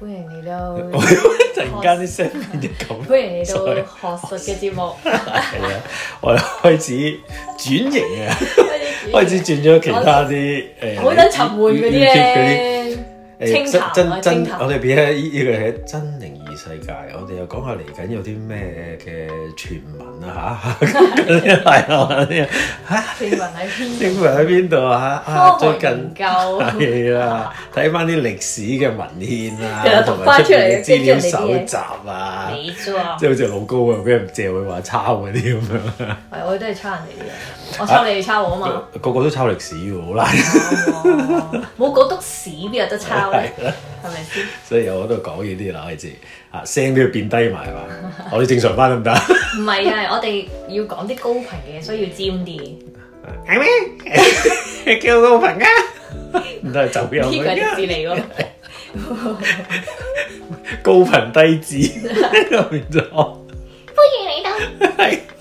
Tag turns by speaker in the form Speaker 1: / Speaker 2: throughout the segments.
Speaker 1: 歡迎
Speaker 2: 你囉，突然間啲聲變咗咁。歡迎你到
Speaker 1: 學術嘅節目，
Speaker 2: 係 啊，我開始轉型啊， 開始轉咗其他啲誒。嗰陣、 哎、沉悶嗰啲真真真，我哋俾咧呢呢個係真靈異世界，我哋又講下嚟緊有啲咩嘅傳聞啊吓，係啊吓！傳聞喺邊？傳聞喺邊度啊？啊，最近係啊，睇翻啲歷史嘅文獻啊，同埋出嚟嘅資料蒐集啊，即係好似老高啊，俾人借佢話抄嗰啲咁樣？係，我都係抄人哋嘅，我抄你，你抄我啊嘛。個個都抄歷史嘅，好難，
Speaker 1: 冇覺得史，邊有得抄。
Speaker 2: 係，係咪先？所以我我都講呢啲啦，阿志，啊聲都要變低埋嘛，我哋正常翻得唔得？
Speaker 1: 唔係啊，我哋要講啲高頻嘅，所以要尖啲。
Speaker 2: 係咩？叫高頻啊？唔得係走邊啊？低字嚟咯，高頻低字，入面就歡迎你到。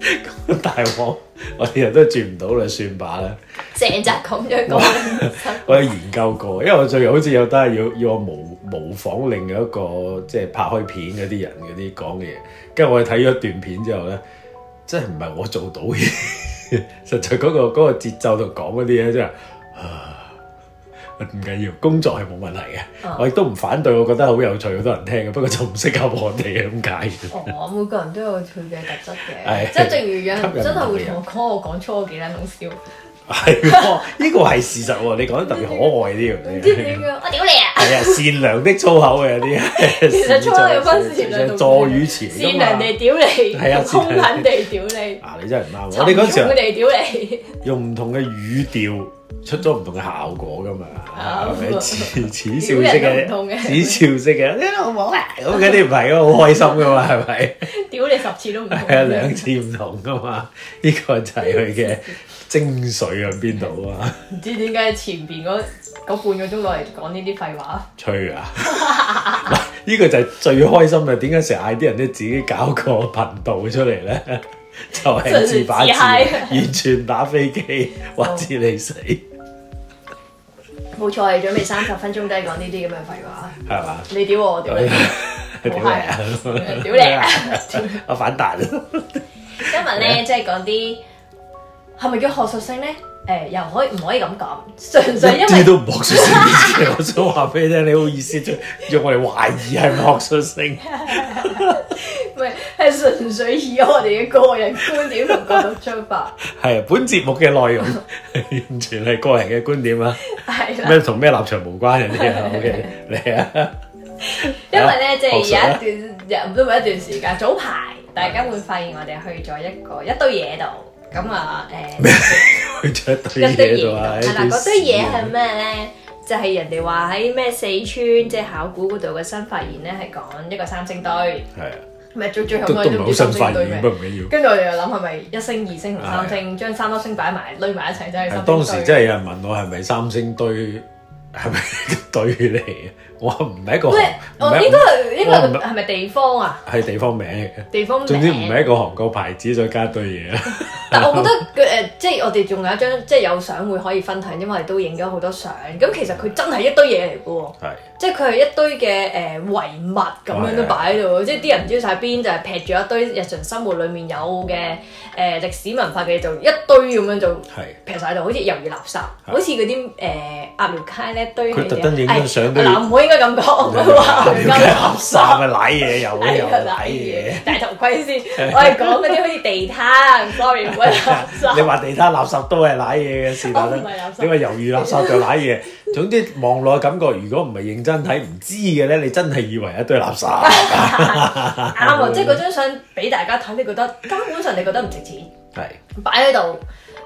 Speaker 2: 咁大鑊，我哋日都轉唔到啦，算罷啦。
Speaker 1: 鄭澤咁樣講，
Speaker 2: 我有研究過，因為我最近好似有都係要要我模模仿另一個即係拍開片嗰啲人嗰啲講嘅嘢，跟住我哋睇咗一段片之後咧，真係唔係我做到嘅，實在嗰、個嗰、個節奏度講嗰啲嘢真係。唔緊要，工作係冇問題嘅。我亦都唔反對，我覺得好有趣，好多人聽嘅。不過就唔適合我哋嘅咁解。我每個人都有佢嘅特
Speaker 1: 質嘅，即係正如有人真係會同我講我講錯嗰幾單冷笑。
Speaker 2: 係，呢個係事實喎。你講得特別可愛啲。啲嘢，我屌你
Speaker 1: 啊！係啊，善
Speaker 2: 良的粗口嘅有啲。其實粗口有分
Speaker 1: 善良同。助語詞嚟。善良地屌你，兇狠地屌
Speaker 2: 你。啊！你真係唔啱我。你嗰時。粗魯
Speaker 1: 地屌你。
Speaker 2: 用唔同嘅語調。出咗唔同嘅效果噶嘛，係咪？似 似樂笑式嘅，似笑式嘅，冇啊！咁嗰啲唔係，因為好開心噶嘛，係咪？屌你十次
Speaker 1: 都唔同。係啊，兩次
Speaker 2: 唔同噶嘛，呢個就係佢嘅精髓喺邊度啊？唔知點解前邊嗰半個鐘攞嚟
Speaker 1: 講呢啲廢話
Speaker 2: 吹啊！呢個就係最開心嘅，點解成日嗌啲人咧自己搞個頻道出嚟咧？ 就係 完全打飛機，話至你死。
Speaker 1: 冇、oh. 錯，準備三十分鐘都係講呢啲咁嘅廢話。係嘛 吧？你屌我，我
Speaker 2: 屌你，屌 你啊！屌 你啊！ 我反彈 今
Speaker 1: 呢。今日咧，即係講啲係咪叫學術性咧？誒，又可唔可以咁講？純粹因為呢啲都唔學
Speaker 2: 術性，我想話俾你聽，你好意思用我哋懷疑係唔學術性？
Speaker 1: 唔係，係純粹以我哋嘅個人觀點同角度出發。
Speaker 2: 係啊，本節目嘅內容係完全係個人嘅觀點啊。係咩同咩立場無關嘅呢？OK，嚟啊！因為咧，即係有一段，亦都係
Speaker 1: 一段時間。早排大家會發現我哋去咗一個一堆嘢度。咁啊，誒，一
Speaker 2: 堆嘢喺度啊，係啦，嗰堆嘢係咩咧？
Speaker 1: 就係人哋話喺咩四川即係考古嗰度嘅新發現咧，係講一個三星堆，係啊，咪做最後嗰啲都叫三星堆咩？唔緊要，跟住我哋又諗係咪一星、二星同三星，將三粒星擺埋壘埋一齊都係三星堆。當時真係有
Speaker 2: 人問我係咪三星堆，係咪堆嚟啊？我唔係一個，我應該應該係
Speaker 1: 咪地方啊？
Speaker 2: 係地方名嚟嘅，地方名。總之唔係一個韓國牌子，再加一堆嘢。但我
Speaker 1: 覺得誒，即係我哋仲有一張，即係有相會可以分享，因為都影咗好多相。咁其實佢真係一堆嘢嚟嘅喎。即係佢係一堆嘅誒遺物咁樣都擺喺度，即係啲人唔知曬邊，就係劈住一堆日常生活裡面有嘅誒歷史文化嘅嘢，就一堆咁樣就劈晒喺度，好似猶如垃圾，好似嗰啲誒鴨寮街呢一堆。佢特登影張相。嗱，唔可以。
Speaker 2: 應該咁講，垃圾啊，瀨嘢又，睇嘢戴頭盔先。我哋講
Speaker 1: 嗰啲好似地攤，sorry，垃
Speaker 2: 圾。你話地攤垃圾都係瀨嘢嘅事，係咧，你話猶豫垃圾就瀨嘢。總之望落感覺，如果唔係認真睇，唔知嘅咧，你真係以為一堆垃圾。啱啊，即係嗰張相俾大
Speaker 1: 家睇，你覺得根本上你覺得唔值錢。係擺喺度。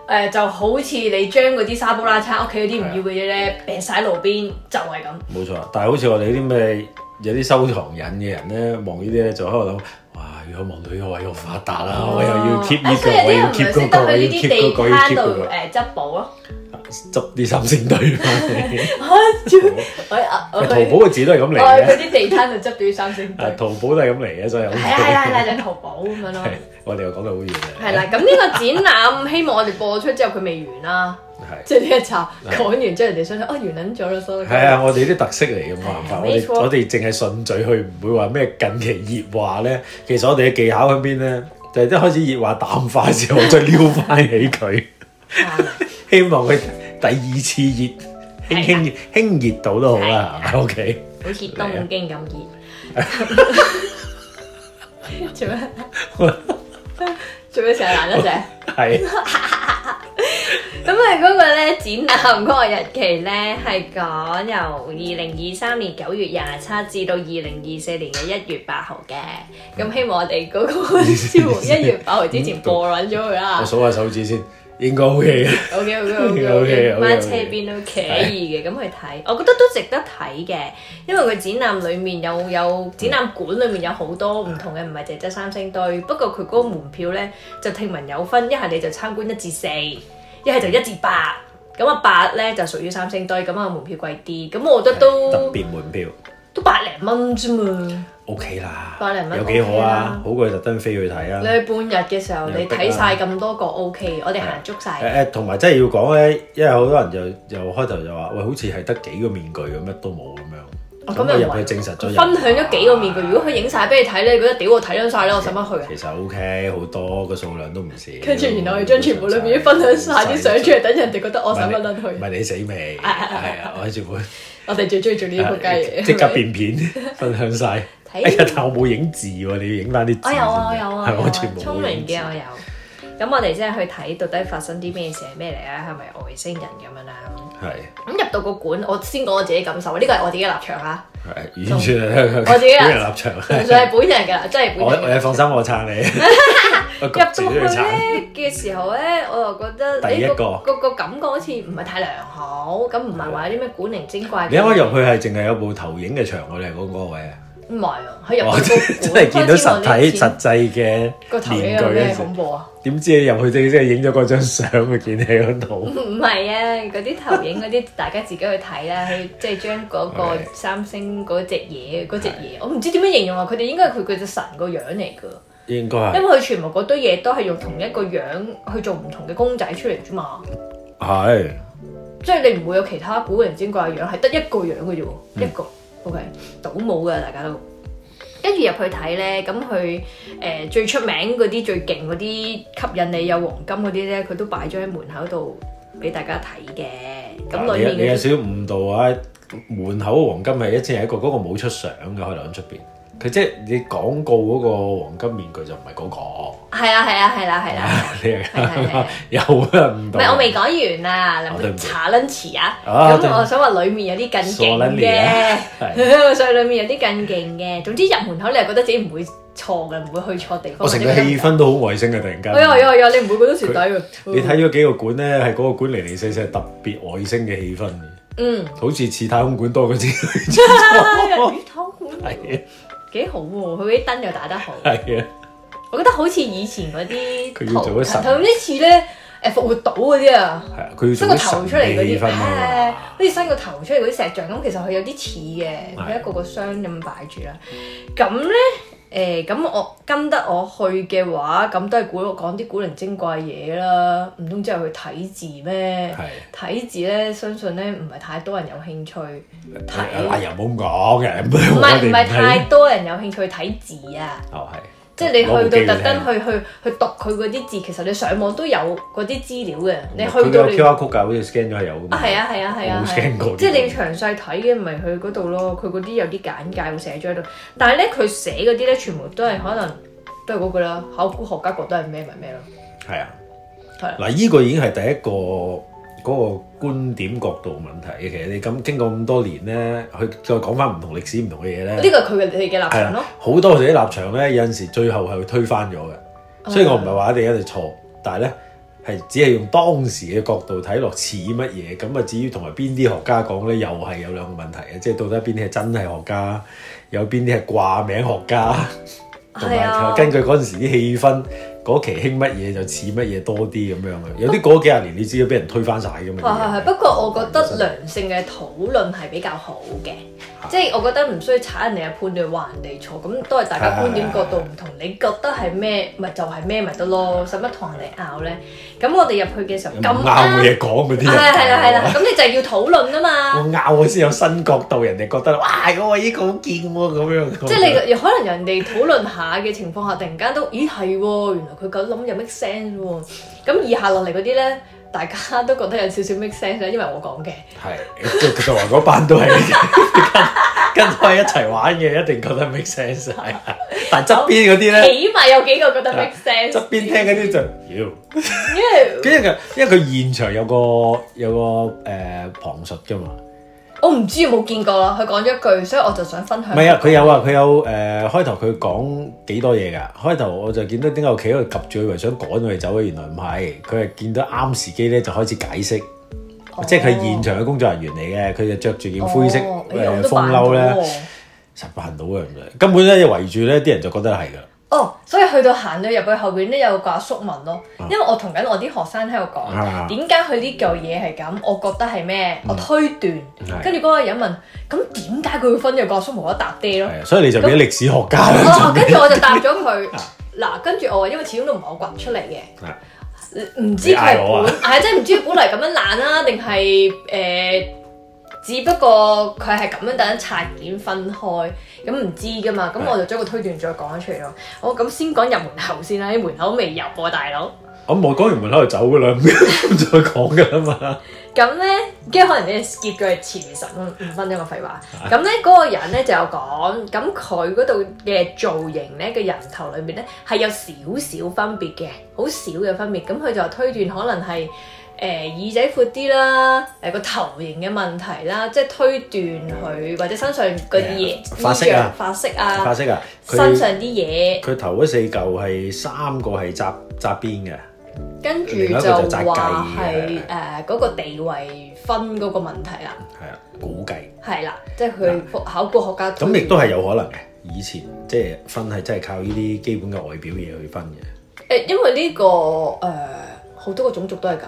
Speaker 1: 誒就好似你將嗰啲沙煲拉餐屋企嗰啲唔要嘅嘢咧，掟晒喺路邊，就係、是、
Speaker 2: 咁。冇錯，但係好似我哋啲咩有啲收藏癮嘅人咧，望呢啲咧就喺度諗，哇！如果望到呢個位，好發達啦，我又要貼呢個，哦、我要貼嗰、啊這個，我要貼嗰、那個，要貼嗰、那個誒珍、那
Speaker 1: 個嗯呃、寶
Speaker 2: 執啲三星堆
Speaker 1: 我嚟嘅，淘寶嘅
Speaker 2: 字都係咁嚟嘅。嗰啲地攤就
Speaker 1: 執啲三星堆。啊，
Speaker 2: 淘寶都係咁嚟嘅，所以係啊係啦係啦，就淘
Speaker 1: 寶咁樣咯。
Speaker 2: 我哋又講到好遠啊。係
Speaker 1: 啦，咁呢個展覽希望我哋播出之後佢未完啦。係即係呢一集講完之後，人哋想想啊完捻咗啦，sorry。係啊，我
Speaker 2: 哋啲特色嚟嘅冇辦法，我哋我哋淨係順嘴去，唔會話咩近期熱話咧。其實我哋嘅技巧喺邊咧？就係一開始熱話淡化時候，再撩翻起佢。希望佢第二次熱輕輕的輕熱到都好啦的，OK，企。
Speaker 1: 好似東京咁熱，吧 做咩麼？做咩成日爛得隻？係的。咁啊， 嗰個咧展覽嗰個日期咧，係講由二零二三年九月廿七至到二零二四年嘅一月八號嘅。咁希望我哋嗰、那個喎一 24 月八號之前過穩咗佢啦。我數
Speaker 2: 下手指先。應該 OK 嘅
Speaker 1: ，OK OK OK OK OK，翻車邊都可以嘅，咁去睇，我覺得都值得睇嘅，因為佢展覽裏面有有展覽館裏面有好多唔同嘅，唔係淨係三星堆，不過佢嗰個門票咧就聽聞有分，一係你就參觀一至四，一係就一至八，咁啊八咧就屬於三星堆，咁啊門票貴啲，咁我覺得都特
Speaker 2: 別門票。
Speaker 1: 都百零蚊啫嘛，O K 啦，百零蚊有幾好啊？
Speaker 2: 好過特登飛去睇啊！你去半日嘅時
Speaker 1: 候，你睇晒咁多個 O K，我哋行足
Speaker 2: 晒。誒同埋真係要講咧，因為好多人就又開頭就話，喂，好似係得幾個面具咁，乜都冇咁樣。咁入去證實咗，分
Speaker 1: 享咗幾個面具。如果佢影晒俾你睇咧，覺得屌我睇咗晒啦，我
Speaker 2: 使乜去？其實 O K，好多個數量都唔少。跟住，然
Speaker 1: 後我將全部裏面分享晒啲相出嚟，等人哋覺得我使乜撚去。唔係你死未？係啊，我喺全部。我哋最中意做呢啲仆街，即刻變片，
Speaker 2: 分享晒。哎呀，但我冇影字喎，你要影翻啲。我有啊，我有啊，係我全部。聰明嘅我
Speaker 1: 有。咁我哋即係去睇到底發生啲咩事，係咩嚟啊？係咪外星人咁樣啊？係。
Speaker 2: 咁
Speaker 1: 入到個館，我先講我自己感受。呢個係我自己立場吓。
Speaker 2: 係完全係我自己嘅立場，唔算係
Speaker 1: 本人㗎啦，即係。我，你放
Speaker 2: 心，我撐你。入到
Speaker 1: 去咧嘅 時候咧，我就覺得、嗰個、第一個、嗰個嗰個感覺好似唔係太良好。咁唔係話有啲咩古靈精怪。你一開
Speaker 2: 入去係淨係有部投影嘅場，我哋嗰個位
Speaker 1: 啊？唔係啊，喺入到真係見到實體、實
Speaker 2: 際嘅面具， 際面頭恐怖啊！點知你入去即係即係影咗嗰張相，見你喺嗰度。唔
Speaker 1: 係啊，嗰啲投影嗰啲，大家自己去睇啦，啊。去 即係將嗰個三星嗰隻嘢，嗰隻嘢，我唔知點樣形容啊。佢哋 應該係佢佢隻神個樣嚟㗎。
Speaker 2: 應該係，因為佢
Speaker 1: 全部嗰堆嘢都係用同一個樣去做唔同嘅公仔出嚟啫嘛。
Speaker 2: 係是，
Speaker 1: 即係你唔會有其他古靈精怪嘅樣，係得一個樣嘅啫，嗯、一個。O K，倒冇嘅大家都，跟住入去睇咧，咁佢誒最出名嗰啲最勁嗰啲吸引你有黃金嗰啲咧，佢都擺咗喺門口度俾大家睇嘅。咁你裏面、那個、你有少
Speaker 2: 少誤導啊？門口嘅黃金係一次係一個，嗰、那個冇出相嘅，可能喺出邊。佢即係你講過嗰個黃金面具就唔係嗰個，係啊
Speaker 1: 係啊係啦係
Speaker 2: 啦，又唔同。唔係我
Speaker 1: 未講完啊，嗱，杯茶撚匙啊，咁我想話裏面有啲更勁嘅，所以裏面有啲更勁嘅。總之入門口你係覺得自己唔會錯嘅，唔會去錯地方。我成個氣氛
Speaker 2: 都好外星嘅，突然間。有有
Speaker 1: 有，你唔會覺得蝕底喎？你睇
Speaker 2: 咗幾個館咧？係嗰個館嚟嚟去去特別外星嘅氣氛嘅，嗯，好似似太空館多嗰啲。宇
Speaker 1: 宙館係。幾好喎、啊！佢啲燈又打得好，係啊！是的 我覺得好似以前嗰啲佢要做嗰神咁，啲似咧誒復活島嗰啲啊，係
Speaker 2: 啊，佢伸個頭出嚟嗰啲，係
Speaker 1: 好似伸個頭出嚟嗰啲石像咁。其實佢有啲似嘅，佢是的 一個個箱咁擺住、欸、啦。咁咧誒咁我跟得我去嘅話，咁都係估到我講啲古靈精怪嘢啦。唔通之後去睇字咩？睇字咧，相信咧唔係太多人有興趣睇。嗱又
Speaker 2: 冇咁講嘅，唔係唔係太
Speaker 1: 多。有興趣
Speaker 2: 去
Speaker 1: 睇字啊，哦係，即係你去到特登去去去讀佢嗰啲字，其實你上網都有嗰啲資料嘅。你去到你 QR code 好似
Speaker 2: scan 咗係有啊，係啊係啊係啊，scan 過，
Speaker 1: 即係你要詳細睇嘅，咪去嗰度咯。佢嗰啲有啲簡介會寫咗喺度，但係咧佢寫嗰啲咧全部都係可能都係嗰句啦。考古學家覺得係咩咪咩咯，係啊係嗱，呢個已經
Speaker 2: 係第一個嗰個。觀點角度問題嘅，其實你咁經過咁多年咧，去再講翻唔同歷史唔同嘅嘢咧，呢個係佢哋
Speaker 1: 嘅立場咯。
Speaker 2: 好多時啲立場咧，有陣時最後係會推翻咗嘅。
Speaker 1: 所以、oh、yeah. 我唔
Speaker 2: 係話一定係錯，但係咧係只係用當時嘅角度睇落似乜嘢。咁啊，至於同埋邊啲學家講咧，又係有兩個問題嘅，即、就、係、是、到底邊啲係真係學家，有邊啲係掛名學家，同埋根據嗰陣時啲氣氛。Oh yeah. 嗰期興乜嘢就似乜嘢多啲咁樣啊！不有啲過幾十年，你知要俾人推翻晒。咁啊！係係
Speaker 1: 係，不過我覺得良性嘅討論係比較好嘅。即係我覺得唔需要踩人哋嘅判斷話人哋錯，咁都係大家觀點角度唔同。啊、你覺得係咩，咪就係咩咪得咯，使乜同人哋拗咧？咁我哋入去嘅時候咁拗冇
Speaker 2: 嘢講嗰啲人，
Speaker 1: 係啦係啦。咁 你就係要討論啊嘛。我
Speaker 2: 拗我先有新角度，人哋覺得哇，我、這、依個好見喎咁樣。即係
Speaker 1: 你可能人哋討論下嘅情況下，突然間都咦係喎，原來佢咁諗有 make sense 喎？咁以下落嚟嗰啲咧。大
Speaker 2: 家都覺得有少少 make sense 因為我講嘅係，其實話嗰班都係跟開一齊玩嘅，一定覺得 make sense。 但側邊嗰啲咧，起碼有幾個
Speaker 1: 覺得 make sense。側
Speaker 2: 邊聽嗰啲就唔要，Yeah. 因為，因為佢因為佢現場有個有個誒、呃、旁述㗎嘛。
Speaker 1: 我唔知有冇見過啦，佢講咗一句，所以我就
Speaker 2: 想分享。唔係啊，佢有啊，佢有誒、呃、開頭佢講幾多嘢噶，開頭我就見到點解我企喺度及住，佢，為想趕佢走啊，原來唔係，佢係見到啱時機咧就開始解釋，
Speaker 1: 哦、即係佢現
Speaker 2: 場嘅工作人員嚟嘅，佢就着住件灰色嘅風褸咧，實扮、啊、到嘅，根本咧圍住咧啲人就覺得係噶。
Speaker 1: 哦，所以去到行咗入去後邊咧，有個阿叔問咯，因為我同緊我啲學生喺度講，點解佢呢嚿嘢係咁？我覺得係咩？嗯、我推斷，跟住嗰個人問，咁點解佢會分咗個阿叔冇得答爹咯？所以你就俾歷
Speaker 2: 史學家。跟
Speaker 1: 住、嗯啊、我就答咗佢，嗱、 啊，跟住我話，因為始終都唔係我掘出嚟嘅，唔的知佢係本，係啊，即係唔知本嚟咁樣爛啦、啊，定係誒。呃只不過佢係咁樣等拆件分開，咁唔知噶嘛，咁是的 我就將個推斷再講咗出嚟咯。好、嗯，咁先講入門口先啦，喺門口未入喎，大佬。
Speaker 2: 我唔講完門口就走噶啦，唔 再講噶啦嘛。
Speaker 1: 咁咧、嗯，而家可能你 skip 咗去前十五分鐘嘅廢話。咁咧，嗰個人咧就有講，咁佢嗰度嘅造型咧嘅人頭裏面咧係有少少分別嘅，好少嘅分別。咁佢就推斷可能係。誒、呃、耳仔闊啲啦，誒、呃、個頭型嘅問題啦，即係推斷佢或者身上嗰啲嘢髮色啊，髮色啊，髮色
Speaker 2: 啊，身上
Speaker 1: 啲嘢。
Speaker 2: 佢頭嗰四嚿係三個係扎紮邊嘅，
Speaker 1: 跟住著就話係誒嗰個地位分嗰個問題啦。係啊，估計係啦，即係佢考古學家咁亦、啊、
Speaker 2: 都係有可能嘅。以前即係分係真係靠呢啲基本嘅外表嘢去分
Speaker 1: 嘅。誒、呃，因為呢、這個誒好、呃、多個種族都係咁。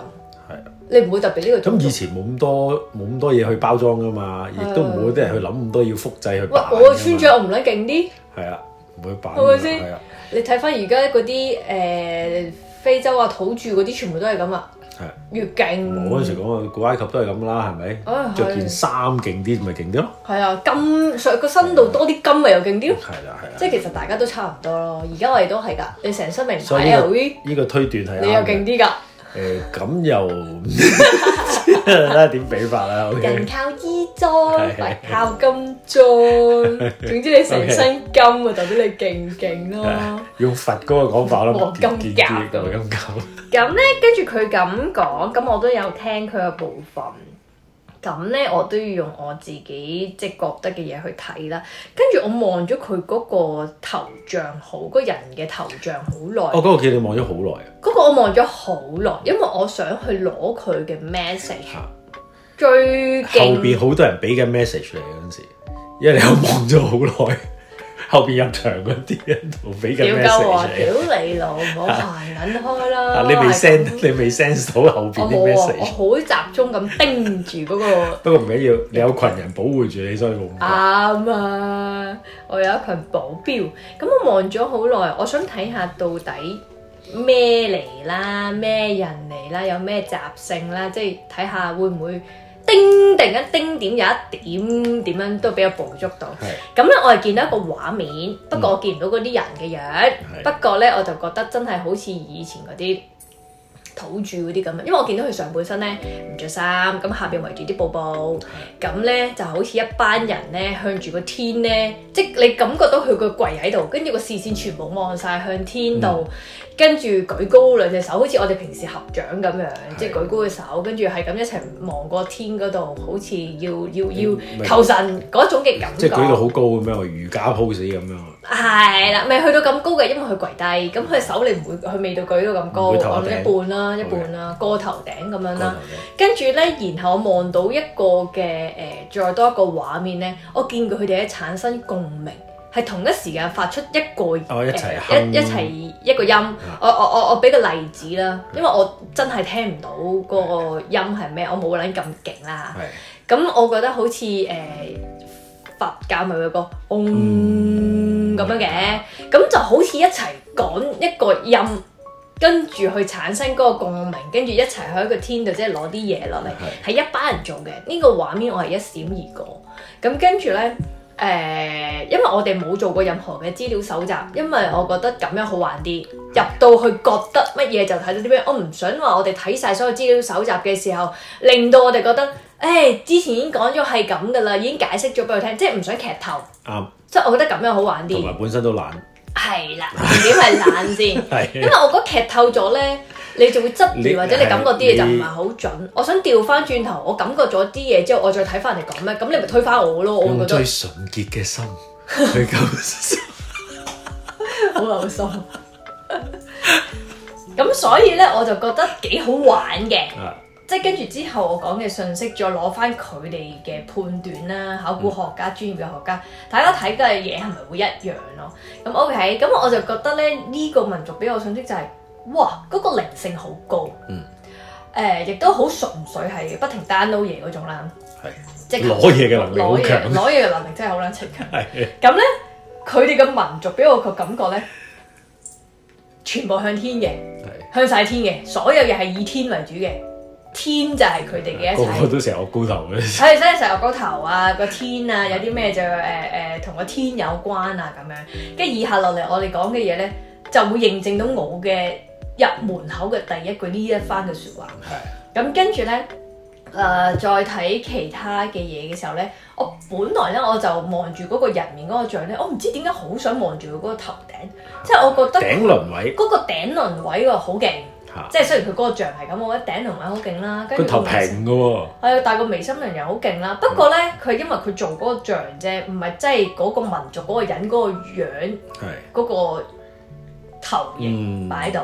Speaker 1: 你唔會特別呢個咁，以
Speaker 2: 前冇咁多冇咁多嘢去包裝噶嘛，亦都唔會啲人去諗咁多要複製去。喂，我村長我唔撚勁啲，係啊，唔會扮
Speaker 1: 係啊。你睇翻而家嗰啲誒非洲啊土著嗰啲，全部都係咁啊，
Speaker 2: 係
Speaker 1: 越勁。嗰陣時
Speaker 2: 講啊，古埃及都係咁啦，係咪？着件衫勁啲咪勁啲咯。
Speaker 1: 係啊，金上個身度多啲金咪又勁啲。係啦，係啦。即係其實大家都差唔多咯。而家我哋都係㗎。你成身名牌啊？呢
Speaker 2: 個推斷係你又勁啲㗎。誒，咁、呃、又啦？點 比法啦？Okay. 人
Speaker 1: 靠衣裝，佛靠金裝。 總之你成身金 啊，就比你勁勁咯。
Speaker 2: 用佛嗰個講法咯，金夾，金夾。
Speaker 1: 咁咧，跟住佢咁講，咁我都 我有聽佢嘅部分。咁咧，我都要用我自己即係覺得嘅嘢去睇啦。跟住我望咗佢嗰個頭像好，個人嘅頭像好耐。哦，嗰、那
Speaker 2: 個記你望咗好耐啊！
Speaker 1: 嗰個我望咗好耐，因為我想去攞佢嘅 message。嗯、最後邊
Speaker 2: 好多人俾嘅 message 嚟嗰陣時，因為你又望咗好耐。後邊入場嗰啲喺度俾緊 message，屌你老母，唔好煩緊開啦、啊！你未 send 你未 send 到後邊啲 message 我
Speaker 1: 好集中咁盯住嗰、嗰
Speaker 2: 個。 不過唔緊要，你有群人保護住你，所以冇。
Speaker 1: 啱啊！我有一群保鏢，咁我望咗好耐，我想睇下到底咩嚟啦，咩人嚟啦，有咩習性啦，即係睇下會唔會。突然間丁點有一點點樣都比較捕捉到。咁咧，我係見到一個畫面，不過我見唔到嗰啲人嘅樣。不過咧，我就覺得真係好似以前嗰啲土著嗰啲咁。因為我見到佢上半身咧唔着衫，咁下邊圍住啲布布，咁咧就好似一班人咧向住個天咧，即係你感覺到佢個跪喺度，跟住個視線全部望晒向天度。跟住舉高兩隻手，好似我哋平時合掌咁樣，的即係舉高嘅手，跟住係咁一齊望個天嗰度，好似要要要求神嗰種嘅感覺。即舉到好
Speaker 2: 高咁樣，瑜伽 pose 咁樣。
Speaker 1: 係啦，咪去到咁高嘅，因為佢跪低，咁佢手你唔會，佢未到舉到咁高，按、嗯、一半啦，一半啦，的過頭頂咁樣啦。跟住咧，然後我望到一個嘅誒、呃，再多一個畫面咧，我見過佢哋喺產生共鳴。係同一時間發出一個、哦、一、呃、一齊一,一個音，嗯、我我我我俾個例子啦，因為我真係聽唔到嗰個音係咩，嗯、我冇撚咁勁啦。咁我覺得好似誒、呃、佛教咪有個嗡咁、嗯、樣嘅，咁就好似一齊講一個音，跟住去產生嗰個共鳴，跟住一齊去一個天度即係攞啲嘢落嚟，係、嗯、一班人做嘅。呢、呢個畫面我係一閃而過，咁跟住咧。嗯嗯誒，uh, 因為我哋冇做過任何嘅資料搜集，因為我覺得咁樣好玩啲。入到去覺得乜嘢就睇到啲咩，我唔想話我哋睇晒所有資料搜集嘅時候，令到我哋覺得，誒、哎，之前已經講咗係咁㗎喇，已經解釋咗俾佢聽，即係唔想劇透。
Speaker 2: 啱、
Speaker 1: 啊，即係我覺得咁樣好玩啲。同埋
Speaker 2: 本身都懶。
Speaker 1: 係啦，自己係冷先，
Speaker 2: 是啊、因為我
Speaker 1: 覺得劇透咗咧，你就會質疑或者你感覺啲嘢就唔係好準。你我想調翻轉頭，我感覺咗啲嘢之後，我再睇翻人哋講咩，咁你咪推翻我咯。我會覺得最
Speaker 2: 純潔嘅心，好
Speaker 1: 有 心。咁所以咧，我就覺得幾好玩嘅。啊即係跟住之後，我講嘅信息再攞翻佢哋嘅判斷啦，考古學家、專業嘅學家，大家睇嘅嘢係咪會一樣咯？咁 OK，咁我就覺得咧，呢、這個民族俾我信息就係、是，哇，嗰、那個靈性好高，誒、嗯呃，亦都好純粹係不停 download 嘢嗰種啦，係是，即係攞嘢嘅能力好強，攞嘢嘅能力真係好撚強。咁咧， 佢哋嘅民族俾我個感覺咧，全部向天嘅，的向晒天嘅，所有嘢係以天為主嘅。天就係佢哋嘅一切，佢哋
Speaker 2: 成日我高頭嘅。佢哋
Speaker 1: 真係成日我高頭啊，個天啊，有啲咩就誒誒同個天有關啊咁樣。跟住、嗯、以下落嚟我哋講嘅嘢咧，就會認證到我嘅入門口嘅第一句呢一番嘅説話。係、嗯。咁跟住咧，誒、呃、再睇其他嘅嘢嘅時候咧，我本來咧我就望住嗰個人面嗰個像咧，我唔知點解好想望住佢嗰個頭頂，即、就、係、是、我覺得頂輪位，嗰個頂輪位喎好勁。即係雖然佢嗰個像係咁，我覺得頂同埋好勁啦，跟住佢頭平嘅喎，係啊，但個眉心輪又好勁啦。不過咧，佢、嗯、因為佢做嗰個像啫，唔係即係嗰個民族嗰個人嗰個樣，係嗰是 個頭
Speaker 2: 型擺
Speaker 1: 到。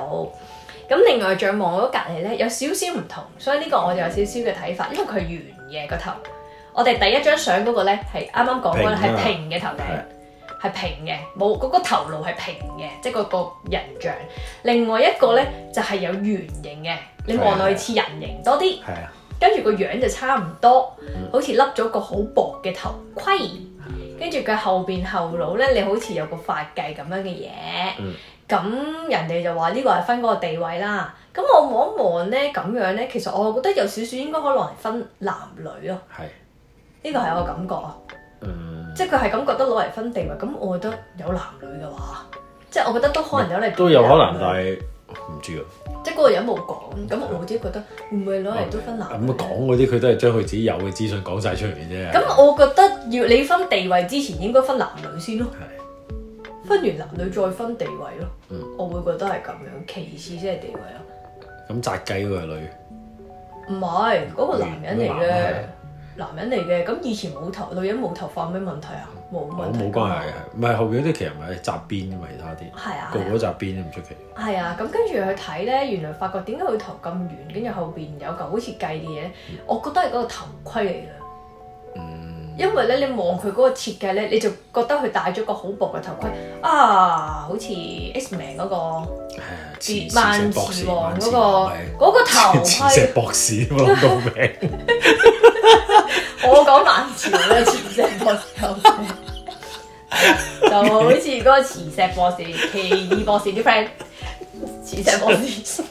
Speaker 1: 咁、嗯、另外像望咗隔離咧，有少少唔同，所以呢個我就有少少嘅睇法，嗯、因為佢係圓嘅個頭。我哋第一張相嗰個咧係啱啱講嗰係平嘅、啊、頭頂。係平嘅，冇嗰、那個頭顱係平嘅，即係個個人像。另外一個咧、mm. 就係有圓形嘅，你望落去似人形多啲。
Speaker 2: 係
Speaker 1: 啊，跟住個樣就差唔多，mm. 好似笠咗個好薄嘅頭盔，跟住佢後邊後腦咧，你好似有個髮髻咁樣嘅嘢。嗯，咁人哋就話呢個係分嗰個地位啦。咁我望一望咧，咁樣咧，其實我覺得有少少應該可能係分男女咯。係，呢個係我感覺啊。誒。Mm. 即係佢係咁覺得攞嚟分地位，咁我覺得有男女嘅話，即係我覺得都可能有你都有可能，但
Speaker 2: 係唔知啊。
Speaker 1: 即係嗰個人冇講，咁、嗯、我自己覺得唔係攞嚟都分男女。咁、嗯嗯、
Speaker 2: 講嗰啲佢都係將佢自己有嘅資訊講晒出嚟嘅啫。咁
Speaker 1: 我覺得要你分地位之前應該分男女先咯。係。分完男女再分地位咯。嗯、我會覺得係咁樣，其次先係地位啊。
Speaker 2: 咁紮雞嗰個
Speaker 1: 女。唔係，嗰、嗰個男人嚟嘅。男人嚟嘅，咁以前冇頭，女人冇頭髮有咩問題啊？冇冇關係嘅，
Speaker 2: 唔係後邊啲其實咪紮辮嘅嘛，其他啲，啊、個個紮辮都唔出奇。
Speaker 1: 係啊，咁跟住去睇咧，原來發覺點解佢頭咁圓，跟住後邊有嚿好似計啲嘢，嗯、我覺得係嗰個頭盔嚟嘅。嗯，因為咧你望佢嗰個設計咧，你就覺得佢戴咗個好薄嘅頭盔、嗯、啊，好似 Xman 嗰、嗰個萬磁王嗰個嗰個頭盔。哎、石
Speaker 2: 博士，我諗名。
Speaker 1: 講萬全嘅磁石博士， 就好似嗰個磁石博士， 奇異博士啲 friend，磁石博士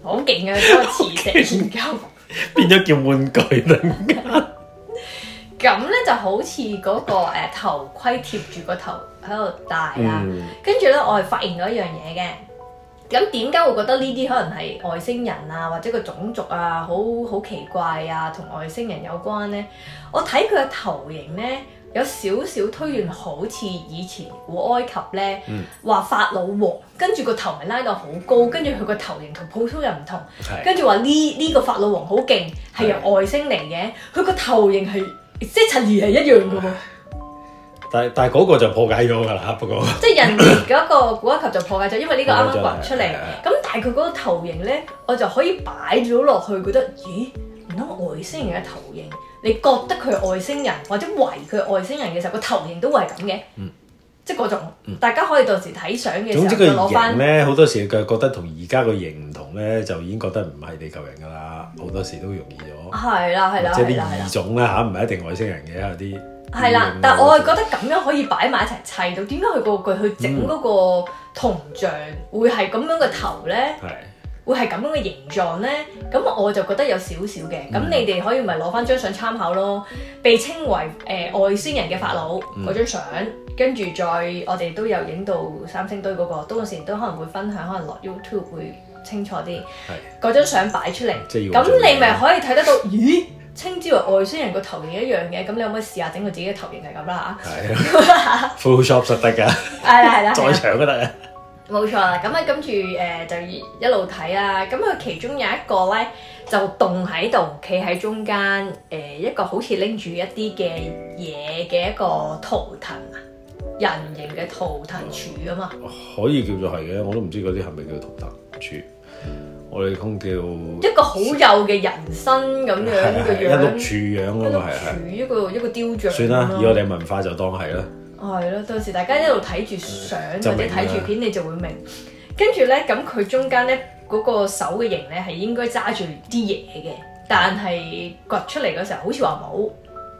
Speaker 1: 好勁啊！嗰，那個磁石研究
Speaker 2: 變咗叫玩具，突然
Speaker 1: 間。咁咧就好似嗰，那個誒、呃、頭盔貼住個頭喺度戴啦，嗯、跟住咧我係發現到一樣嘢嘅。咁點解會覺得呢啲可能係外星人啊，或者個種族啊，好好奇怪啊，同外星人有關呢？我睇佢嘅頭型呢，有少少推斷好似以前古埃及呢，話、嗯、法老王，跟住個頭咪拉到好高，跟住佢個頭型同普通人唔同，跟住話呢呢個法老王好勁，係由外星嚟嘅，佢個頭型係即係陳兒係一樣嘅喎。嗯
Speaker 2: 但係但係嗰個就破解咗㗎啦，不過即
Speaker 1: 係人哋嗰個古埃及就破解咗，因為呢個啱啱掘出嚟。咁但係佢嗰個頭型咧，我就可以擺咗落去，覺得咦，唔通外星人嘅頭型？嗯、你覺得佢外星人或者懷佢外星人嘅時候，個頭型都會係咁嘅。嗯、即係嗰種，嗯、大家可以到時睇相嘅時候。總之佢個形咧，
Speaker 2: 好多時佢覺得同而家個形唔同咧，就已經覺得唔係地球人㗎啦。好多時都容易
Speaker 1: 咗。係啦、嗯，係啦，係、啊、啦。即係啲異
Speaker 2: 種啦吓，唔係一定外星人嘅有啲。
Speaker 1: 係啦，但係我係覺得咁樣可以擺埋一齊砌到，點解佢個佢去整嗰個銅像會係咁樣嘅頭咧？的會係咁樣嘅形狀咧？咁我就覺得有少少嘅。咁、嗯、你哋可以咪攞翻張相參考咯。被稱為誒、呃、外星人嘅法老嗰、嗯、張相，跟住再我哋都有影到三星堆嗰、嗰個，到時都可能會分享，可能落 YouTube 會清楚啲。嗰的張相擺出嚟，咁你咪可以睇得到？咦？稱之為外星人個頭型一樣嘅，咁你有冇試下整佢自己嘅頭型係咁啦？係
Speaker 2: ，Photoshop 實得㗎，係啦係啦，再長都得。
Speaker 1: 冇錯啦，咁啊跟住誒就一路睇啦。咁佢其中有一個咧就棟喺度，企喺中間，誒一個好似拎住一啲嘅嘢嘅一個圖騰啊，人形嘅圖騰柱啊嘛。
Speaker 2: 可以叫做係嘅，我都唔知嗰啲係咪叫做圖騰柱。我哋空叫一個
Speaker 1: 好幼嘅人身咁樣嘅樣，跟住一個一個雕像。算啦，以我哋
Speaker 2: 文化就當係
Speaker 1: 啦。係咯，到時大家一路睇住相，嗯、或者睇住片，你就會明。跟住咧，咁佢中間咧嗰、嗰個手嘅形咧係應該揸住啲嘢嘅，但係掘出嚟嗰時候好似話冇，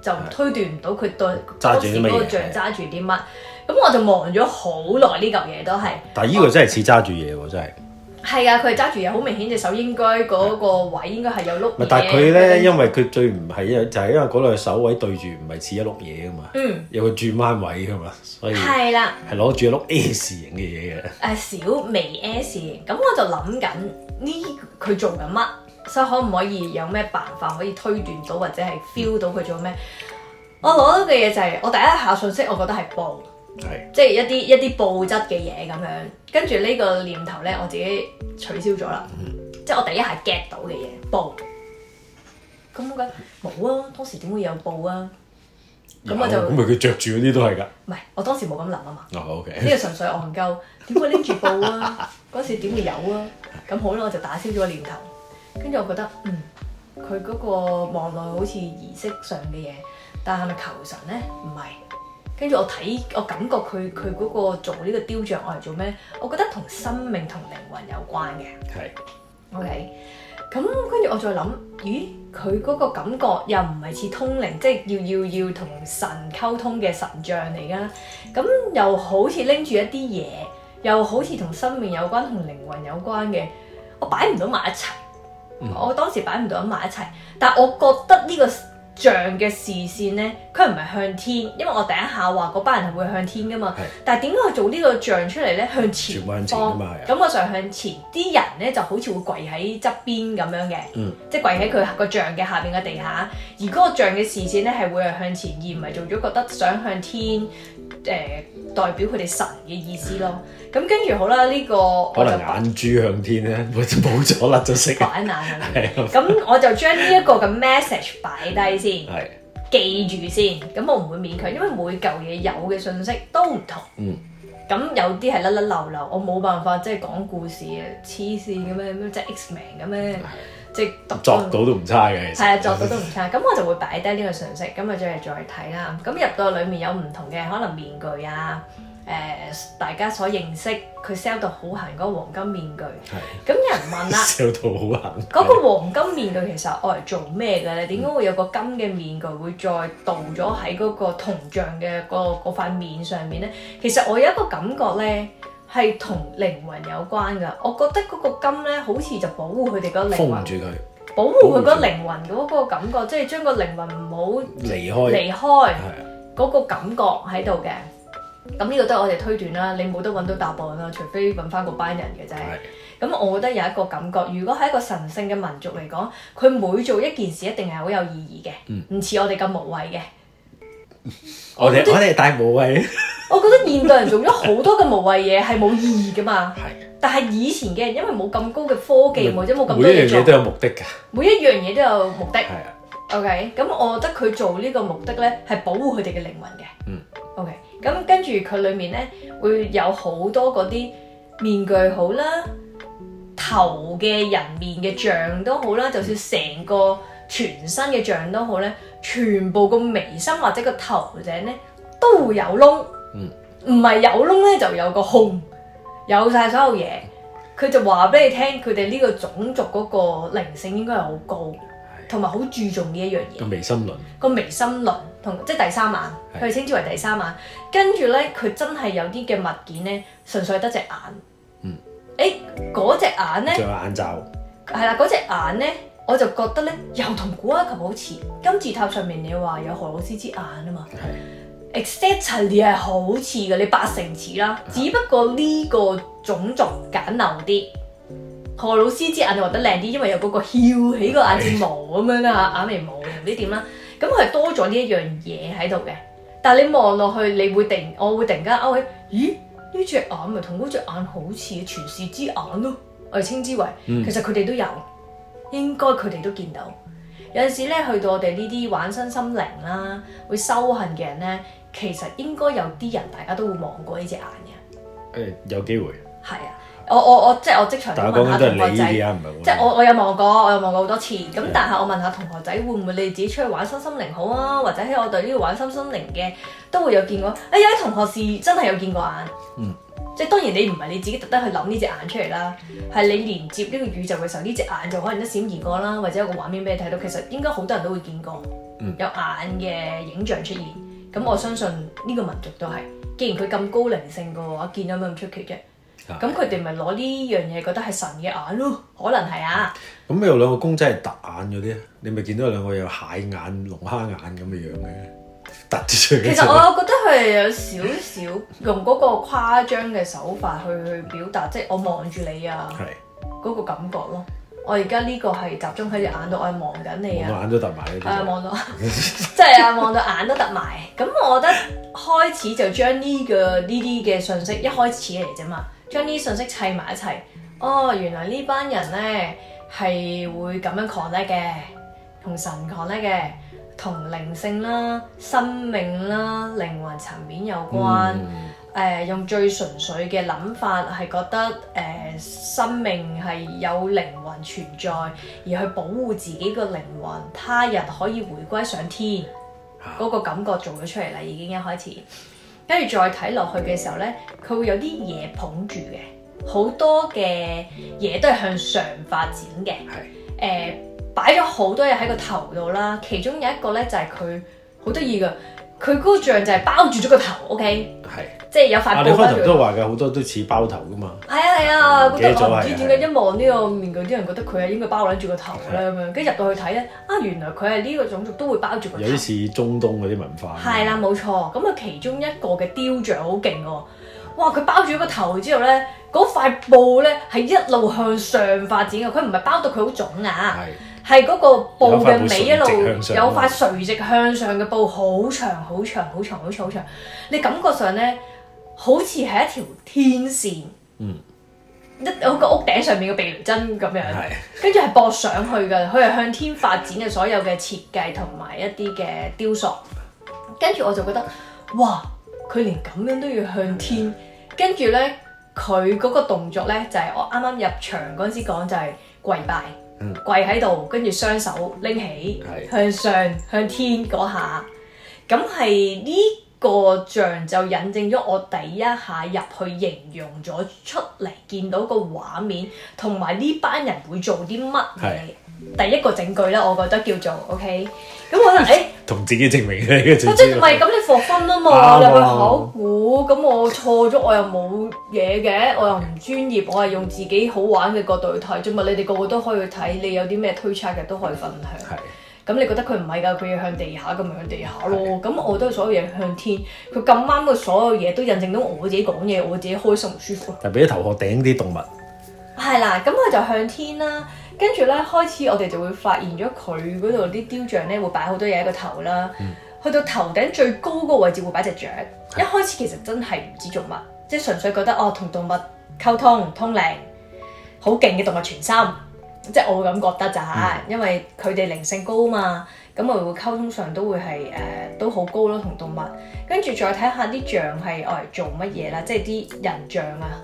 Speaker 1: 就推斷唔到佢對當時嗰個像揸住啲乜。咁我就望咗好耐，呢嚿嘢都係。
Speaker 2: 但係呢個真係似揸住嘢喎，真係。
Speaker 1: 係啊，佢係揸住嘢。好明顯隻手，應該嗰個位應該係有碌嘢。但係佢咧，就因
Speaker 2: 為佢最唔係因就係、是、因為嗰個手位對住唔係似一碌嘢啊嘛。嗯。有個轉彎位啊嘛，所以係啦，係攞住一碌 S 型嘅嘢嘅。誒的、
Speaker 1: 啊，小微 S。型。咁我就諗緊呢，佢、這個、做緊乜？所以可唔可以有咩辦法可以推斷到或者係 feel 到佢做咩？嗯、我攞到嘅嘢就係、是、我第一下信息，我覺得係布。係，即係一啲一啲布質嘅嘢咁樣，跟住呢個念頭咧，我自己取消咗啦。嗯，即係我第一下 get 到嘅嘢布，咁點解冇啊？當時點會有布啊？咁，有我就咁咪佢
Speaker 2: 着住嗰啲都係噶，
Speaker 1: 唔係，我當時冇咁諗啊嘛。
Speaker 2: 哦，O K，呢個純
Speaker 1: 粹戇鳩，點會拎住布啊？嗰 時點會有啊？咁好啦，我就打消咗個念頭。跟住我覺得，嗯，佢嗰個望落好似儀式上嘅嘢，但係咪求神咧？唔係。跟住我睇，我感覺佢佢嗰個做呢個雕像，我係做咩？我覺得同生命同靈魂有關嘅。係。OK。咁跟住我再諗，咦？佢嗰個感覺又唔係似通靈，即係要要要同神溝通嘅神像嚟噶。咁又好似拎住一啲嘢，又好似同生命有關、同靈魂有關嘅。我擺唔到埋一齊。嗯。我當時擺唔到埋一齊，但係我覺得呢個象嘅視線咧，佢唔係向天，因為我第一下話嗰班人係會向天噶嘛。的但係點解我做呢個象出嚟咧向前方？咁我上向前，啲人咧就好似會跪喺側邊咁樣嘅，嗯、
Speaker 2: 即係跪喺佢
Speaker 1: 個象嘅下邊嘅地下。而嗰個象嘅視線咧係會係向前，而唔係做咗覺得想向天，誒、呃、代表佢哋神嘅意思咯。嗯。咁跟住好啦，呢個可
Speaker 2: 能眼珠向天咧，或者冇咗甩咗色。
Speaker 1: 咁我就將呢一個嘅 message 擺低先，記住先。咁我唔會勉強，因為每嚿嘢有嘅信息都唔同。嗯。咁有啲係甩甩漏漏，我冇辦法即係講故事啊，黐線咁樣，即係 X 名咁樣，即
Speaker 2: 係作到都唔差嘅。係啊，作到都唔差。
Speaker 1: 咁我就會擺低呢個信息，咁啊再嚟再睇啦。咁入到裏面有唔同嘅可能面具啊。誒、呃，大家所認識佢 sell 到好痕嗰個黃金面具，咁的有人問啦
Speaker 2: ，sell 到好痕
Speaker 1: 嗰個黃金面具其實嚟的、哦、做咩嘅咧？點解會有個金嘅面具會再倒咗喺嗰個銅像嘅嗰塊面上面咧？其實我有一個感覺咧，係同靈魂有關噶。我覺得嗰個金咧，好似就保護佢哋個靈魂，封住佢，保護佢個靈魂嗰個感覺，即係將個靈魂唔好離開離開嗰個感覺喺度嘅。咁呢個都係我哋推斷啦，你冇得揾到答案啦，除非揾翻嗰班人嘅啫。咁的我覺得有一個感覺，如果係一個神聖嘅民族嚟講，佢每做一件事一定係好有意義嘅，唔似、嗯、我哋咁無謂嘅。
Speaker 2: 我哋們我哋大無謂。
Speaker 1: 我覺得現代人做咗好多嘅無謂嘢係冇意義噶嘛。的但係以前嘅人因為冇咁高嘅科技的或者冇咁多嘢做，每樣嘢都有目的嘅。每一樣嘢都有目的。的 OK，咁我覺得佢做呢個目的呢，係保護佢哋嘅靈魂嘅。嗯嗯 OK，咁跟住佢裏面咧，會有好多嗰啲面具好啦，頭嘅人面嘅像都好啦，就算成個全身嘅像都好咧，全部個眉心或者個頭頂咧都會有窿，
Speaker 2: 唔
Speaker 1: 係、嗯、有窿咧就有個空。有晒所有嘢，佢就話俾你聽，佢哋呢個種族嗰個靈性應該係好高。同埋好注重呢一樣嘢，個眉心輪，個眉心輪同即係第三眼，佢哋是稱之為第三眼。跟住咧，佢真係有啲嘅物件咧，純粹係得隻眼。嗯。誒、欸，嗰隻眼咧，仲有眼罩。係啦，嗰隻眼咧，我就覺得咧，又同古埃及好似金字塔上面，你話有何老師之眼啊嘛？係是。Exactly 係好似嘅，你八成似啦。嗯、只不過呢個種族簡陋啲。荷魯斯之眼就畫得靚啲，因為有嗰個翹起個眼睫毛咁樣啦的眼眉毛唔知點啦，咁佢係多咗呢一樣嘢喺度嘅。但係你望落去，你會突然我會突然間勾起，咦，呢隻眼咪同嗰隻眼好似，全視之眼咯，我哋稱之為，其實佢哋都有，嗯、應該佢哋都見到。有陣時咧，去到我哋呢啲玩身心靈啦、啊，會修行嘅人咧，其實應該有啲人，大家都會望過呢隻眼嘅。誒、欸，
Speaker 2: 有機會。係啊。
Speaker 1: 我我即我即係我即場問下同學仔，即係我我有望過，我有望過好多次。咁但係我問下同學仔，會唔會你哋自己出去玩心心靈好啊？或者喺我哋呢度玩心心靈嘅都會有見過。哎，有啲同學是真係有見過眼。嗯、即係當然你唔係你自己特登去諗呢隻眼出嚟啦，係、嗯、你連接呢個宇宙嘅時候，呢隻眼就可能一閃而過啦，或者有個畫面畀你睇到。其實應該好多人都會見過，有眼嘅影像出現。咁我相信呢個民族都係，既然佢咁高靈性嘅話，見咗有咩咁出奇啫。咁佢哋咪攞呢樣嘢覺得係神嘅眼咯，可能係啊。
Speaker 2: 咁、嗯嗯、你有兩個公仔係突眼嗰啲，你咪見到有兩個有蟹眼、龍蝦眼咁嘅樣嘅突出。其實我
Speaker 1: 覺得佢係有少少用嗰個誇張嘅手法去去表達，即、就、係、是、我望住你啊，嗰對個感覺咯。我而家呢個係集中喺隻眼度，我係望緊你啊。眼都突埋嗰啲啊，望到，真係啊，望到眼都突埋。咁、呃、 我覺得開始就將呢、這個呢啲嘅信息，一開始嚟啫嘛。將啲信息砌埋一齊，哦，原來呢班人咧係會咁樣 connect 嘅，同神 connect 嘅，同靈性啦、生命啦、靈魂層面有關。誒、嗯呃，用最純粹嘅諗法係覺得，誒、呃，生命係有靈魂存在，而去保護自己個靈魂，他日可以回歸上天嗰、那個感覺做咗出嚟啦，已經一開始。跟住再睇落去嘅時候咧，佢會有啲嘢捧住嘅，好多嘅嘢都係向上發展嘅。係是，誒擺咗好多嘢喺個頭度啦，其中有一個咧就係佢好得意嘅。佢嗰個像就係包住咗個頭，OK，係，即係有塊布，布包住咗，我開頭都
Speaker 2: 話嘅好多都似包頭噶嘛。
Speaker 1: 係啊係啊，我唔知點解一望呢個面具啲人覺得佢係應該包攬住個頭咧咁樣？跟住入到去睇咧，啊，原來佢係呢個種族都會包住個頭。有啲
Speaker 2: 似中東嗰啲文化。係
Speaker 1: 啦，冇錯。咁啊，其中一個嘅雕像好勁喎，哇！佢包住咗個頭之後咧，嗰塊布咧係一路向上發展嘅，佢唔係包到佢好腫啊。係。係嗰個布嘅尾一路有塊垂直向上嘅布，好長好長好長好長好長,長。你感覺上咧，好似係一條天線，嗯、一嗰個屋頂上面嘅避雷針咁樣。跟住係駁上去嘅，佢係向天發展嘅所有嘅設計同埋一啲嘅雕塑。跟住我就覺得，哇！佢連咁樣都要向天。跟住咧，佢嗰個動作咧就係、是、我啱啱入場嗰陣時講就係跪拜。嗯跪喺度，跟住雙手拎起，是向上，向天嗰下，咁係呢個像就引證咗我第一,一下入去形容咗出嚟見到個畫面，同埋呢班人會做啲乜嘢？第一個證據呢，我覺得叫做 OK、嗯。咁可能誒，
Speaker 2: 同、欸、 自己證明即係唔係
Speaker 1: 咁你复分啦嘛？啊、你去考古咁、啊、我錯咗我又冇嘢嘅，我又唔專業，我係用自己好玩嘅角度睇。仲唔你哋個個都可以去睇，你有啲咩推測嘅都可以分享。咁是你覺得佢唔係噶，佢要向地下咁咪向地下咯。咁是我都係所有嘢向天，佢咁啱嘅所有嘢都印證到我自己講嘢，我自己開心唔舒服。
Speaker 2: 就俾啲頭殼頂啲動物。
Speaker 1: 係啦，咁佢就向天啦。跟住咧，開始我哋就會發現咗佢嗰度啲雕像咧，會擺好多嘢喺個頭啦。嗯、去到頭頂最高嗰個位置會擺隻雀。的一開始其實真係唔知做乜，即係純粹覺得哦，同動物溝通通靈，好勁嘅動物傳心，即係我會咁覺得咋。嗯、因為佢哋靈性高嘛，咁我會溝通上都會係誒、呃、都好高咯，同動物。跟住再睇下啲像係愛嚟做乜嘢啦，即係啲人像啊。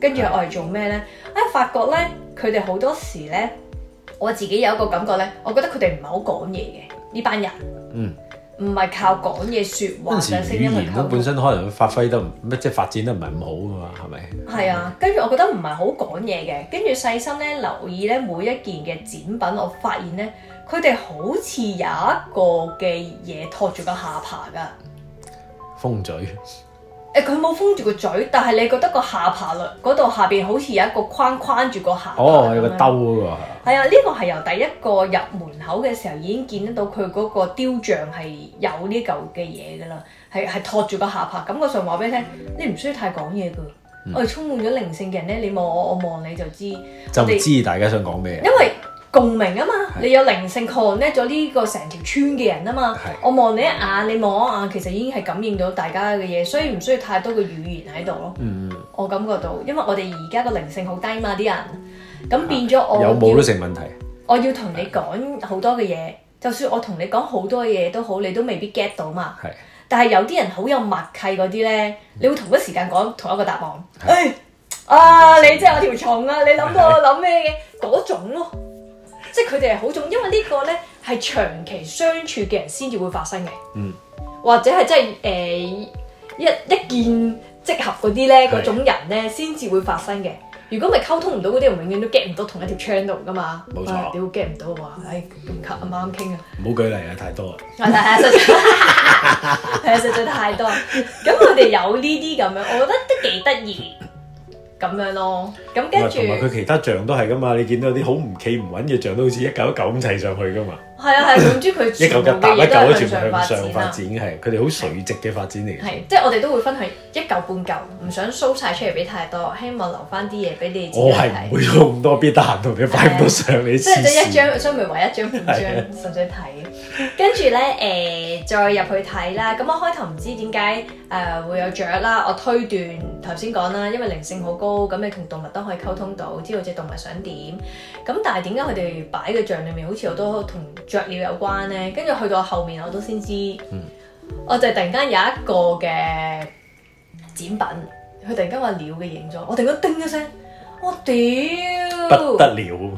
Speaker 1: 跟住我嚟做咩咧？哎，發覺咧，佢哋好多時咧，我自己有一個感覺咧，我覺得佢哋唔係好講嘢嘅呢班人。嗯，唔係靠講嘢説話嘅聲音嚟講。當時語言都本
Speaker 2: 身可能發揮得咩，即係發展得唔係咁好噶嘛，係咪？
Speaker 1: 係啊，跟住我覺得唔係好講嘢嘅。跟住細心咧留意咧每一件嘅展品，我發現咧佢哋好似有一個嘅嘢托住個下巴噶，
Speaker 2: 風嘴。
Speaker 1: 誒佢冇封住個嘴，但係你覺得個下巴嘞，嗰度下邊好似有一個框框住個下巴。哦，有個兜
Speaker 2: 喎。
Speaker 1: 係啊，呢個係由第一個入門口嘅時候已經見得到佢嗰個雕像係有呢嚿嘅嘢㗎啦，係係托住個下巴。咁我想話俾你聽，你唔需要太講嘢㗎。嗯、我哋充滿咗靈性嘅人咧，你望我，我望你就知。
Speaker 2: 就知大家想講咩？因
Speaker 1: 為。共鳴啊嘛！你有靈性，connect 咗呢個成條村嘅人啊嘛。我望你一眼，你望我一眼，其實已經係感染到大家嘅嘢，所以唔需要太多嘅語言喺度咯。嗯嗯，我感覺到，因為我哋而家個靈性好低嘛，啲人咁變咗我有冇都成問題。我要同你講好多嘅嘢，就算我同你講好多嘢都好，你都未必 get 到嘛。但係有啲人好有默契嗰啲呢，你會同一時間講同一個答案。哎啊！你真係有條蟲啊！你諗到我諗咩嘅嗰種咯？即係佢哋係好重，因為呢個咧係長期相處嘅人先至會發生嘅，
Speaker 2: 嗯、
Speaker 1: 或者係即係誒、呃、一一見即合嗰啲咧，嗰種人咧先至會發生嘅。是的 如果咪溝通唔到嗰啲人，永遠都 get 唔到同一條 channel 噶嘛，冇沒錯、哎，你會 get 唔到喎。唉，咁及啱啱傾啊，
Speaker 2: 唔好舉例啊，太多啊，實在
Speaker 1: 係啊，實在太多。咁佢哋有呢啲咁樣，我覺得都幾得意。咁樣咯，咁跟住同埋佢其
Speaker 2: 他像都係㗎嘛，你見到啲好唔企唔穩嘅像都好似一嚿一嚿咁砌上去㗎嘛。
Speaker 1: 係啊係，總之佢全部嘅嘢都係
Speaker 2: 向上發展啦。係佢哋好垂直嘅發展嚟嘅。
Speaker 1: 係即係我哋都會分享一嚿半嚿，唔想 show 晒出嚟俾太多，希望留翻啲嘢俾你自己睇。我係唔會
Speaker 2: 送咁多必，必得閒同你擺唔到相你。即係一張，
Speaker 1: 相咪話一張、兩張，實想睇。跟住咧，誒、呃，再入去睇啦。咁我開頭唔知點解誒會有雀啦。我推斷頭先講啦，因為靈性好高，咁你同動物都可以溝通到，知道隻動物想點。咁但係點解佢哋擺嘅像裏面好似我都同。雀鳥有關咧，跟住去到後面我都先知，嗯、我就係突然間有一個嘅展品，佢突然間話鳥嘅形狀，我突然間叮一聲，我屌不得
Speaker 2: 了，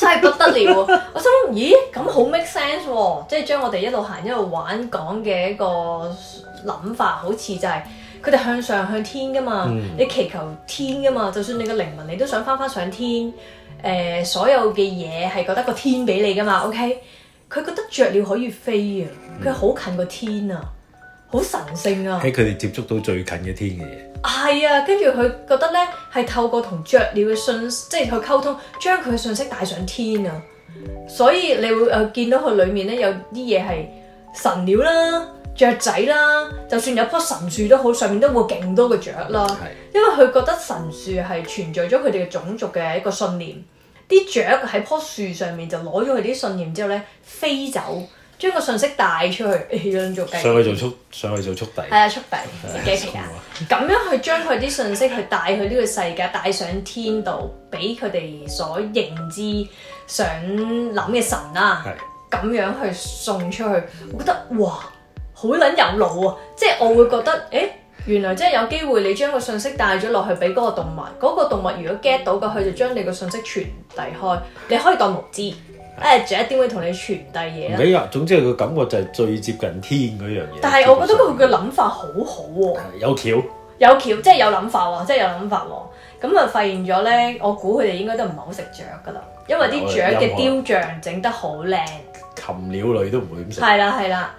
Speaker 1: 真係不得了！我心諗咦咁好 make sense 喎，即係將我哋一路行一路玩講嘅一個諗法，好似就係佢哋向上向天㗎嘛，嗯、你祈求天㗎嘛，就算你嘅靈魂你都想返返上天。誒所有嘅嘢係覺得個天俾你㗎嘛，OK？佢覺得雀鳥可以飛啊，佢好近個天啊，好神聖啊，喺
Speaker 2: 佢哋接觸到最近嘅天嘅嘢。
Speaker 1: 係啊，跟住佢覺得咧係透過同雀鳥嘅信，即係去溝通，將佢嘅信息帶上天啊。所以你會誒見到佢裡面咧有啲嘢係神鳥啦、雀仔啦，就算有棵神樹都好，上面都會勁多個雀啦，因為佢覺得神樹係存在咗佢哋嘅種族嘅一個信念。啲雀喺棵樹上面就攞咗佢啲信念之後咧飛走，將個信息帶出去，哎、做上去做速，
Speaker 2: 上去做速遞，係
Speaker 1: 啊， 速遞，幾奇怪咁樣去將佢啲信息去帶去呢個世界，帶上天度，俾佢哋所認知想諗嘅神啦、啊，咁、嗯、樣去送出去，我覺得哇，好撚有腦啊！即係我會覺得，誒、欸。原來即係有機會，你將個信息帶咗落去俾嗰個動物，嗰、那個動物如果 get 到嘅，佢就將你個信息傳遞開。你可以當無知，誒的，雀點會同你傳遞嘢？唔緊要，
Speaker 2: 總之佢嘅感覺就係最接近天嗰樣嘢。
Speaker 1: 但係我覺得佢嘅諗法好
Speaker 2: 好、啊、喎，有橋，
Speaker 1: 有橋，即、就、係、是、有諗法喎、啊，即、就、係、是、有諗法喎、啊。咁啊發現咗咧，我估佢哋應該都唔係好食雀㗎啦，因為啲雀嘅雕像整得好靚，
Speaker 2: 禽鳥類都唔會咁食。係啦，係啦。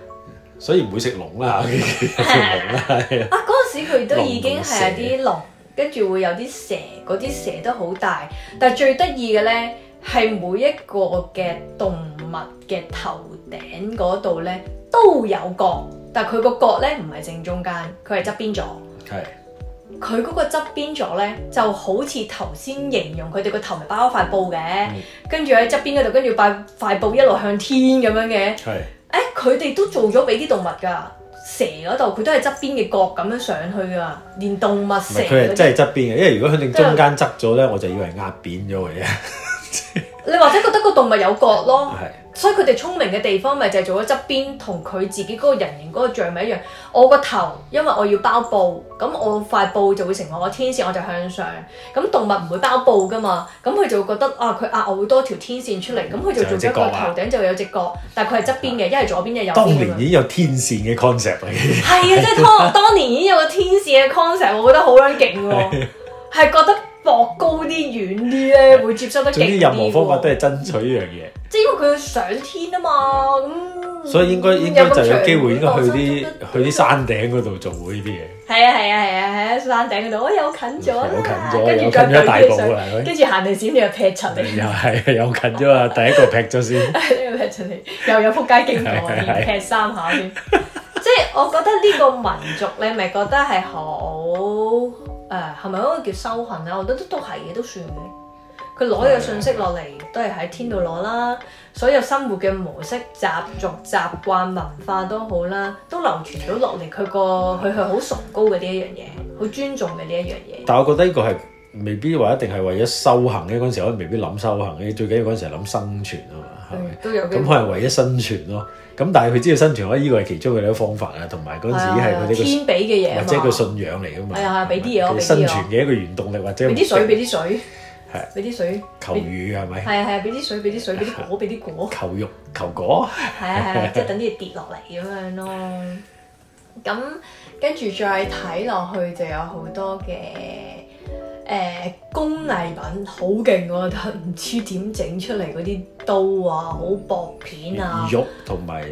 Speaker 2: 所以唔會食龍啦 了 啊！啊嗰
Speaker 1: 陣時佢都已經係有啲龍，跟住蛇會有啲蛇，嗰啲蛇都好大。但係最得意嘅咧，係每一個嘅動物嘅頭頂嗰度咧都有角，但係佢個角咧唔係正中間，佢係側邊咗。係是。佢嗰個側邊咗咧，就好似頭先形容佢哋個頭係包塊布嘅，跟住喺側邊嗰度，跟住擺塊布一路向天咁樣嘅。係。誒佢哋都做咗俾啲動物㗎，蛇嗰度佢都係側邊嘅角咁樣上去㗎，連動物蛇佢係真
Speaker 2: 係側邊嘅，因為如果佢哋中間側咗咧，就我就以為壓扁咗佢啊。
Speaker 1: 你或者覺得個動物有角咯，所以佢哋聰明嘅地方咪就係做咗側邊，同佢自己嗰個人形嗰個像咪一樣。我個頭，因為我要包布，咁我塊布就會成為我天線，我就向上。咁動物唔會包布噶嘛，咁佢就會覺得啊，佢啊我會多條天線出嚟，咁佢、嗯、就做咗個、啊、頭頂就有隻角，但係佢係側邊嘅，一係的左邊一係右邊。當年
Speaker 2: 已經有天線嘅 concept
Speaker 1: 啦，係啊， 即、就、係、是、當年已經有個天線嘅 concept，我覺得好撚勁喎，係的 覺得。博高啲遠啲咧，會接收得勁啲，總之任何方
Speaker 2: 法都係爭取呢樣嘢。
Speaker 1: 即係因為佢要上天啊嘛，咁
Speaker 2: 所以應該應該就有機會應該去啲去啲山頂嗰度做呢啲嘢。
Speaker 1: 係啊係啊係啊，喺山頂嗰度我又近咗，又近咗，跟住近咗大步跟住行定閃，又劈出嚟。又
Speaker 2: 係又近咗啊！第一個劈咗先，第一個
Speaker 1: 劈出嚟，又有撲街經過，連劈三下先。即係我覺得呢個民族你咪覺得係好。誒係咪嗰個叫修行咧？我覺得都都係嘅，都算嘅。佢攞嘅信息落嚟，的都係喺天度攞啦。所有生活嘅模式、習俗、習慣、文化都好啦，都流傳到落嚟。佢個佢係好崇高嘅呢一樣嘢，好尊重嘅呢一樣嘢。
Speaker 2: 但係我覺得呢個係未必話一定係為咗修行嘅嗰陣時，可能未必諗修行嘅。最緊要嗰陣時係諗生存啊嘛，係咪、
Speaker 1: 嗯？咁係為
Speaker 2: 咗生存咯。咁但係佢知道生存可以呢個係其中嘅一個方法啊，同埋嗰陣時係天
Speaker 1: 俾嘅，嘢，或者個信
Speaker 2: 仰嚟噶嘛。係啊，俾啲嘢我哋生存嘅一個原動力或者。俾啲水，俾啲
Speaker 1: 水。係。俾啲水。求雨係咪？係啊係啊！俾啲水，俾啲水，俾啲果，俾啲果。求
Speaker 2: 肉，求果。係啊係啊，即係
Speaker 1: 等啲嘢跌落嚟咁樣咯。咁跟住再睇落去就有好多嘅。誒、呃、工藝品好勁喎，都唔知點整出嚟嗰啲刀啊，好薄片啊。玉
Speaker 2: 同埋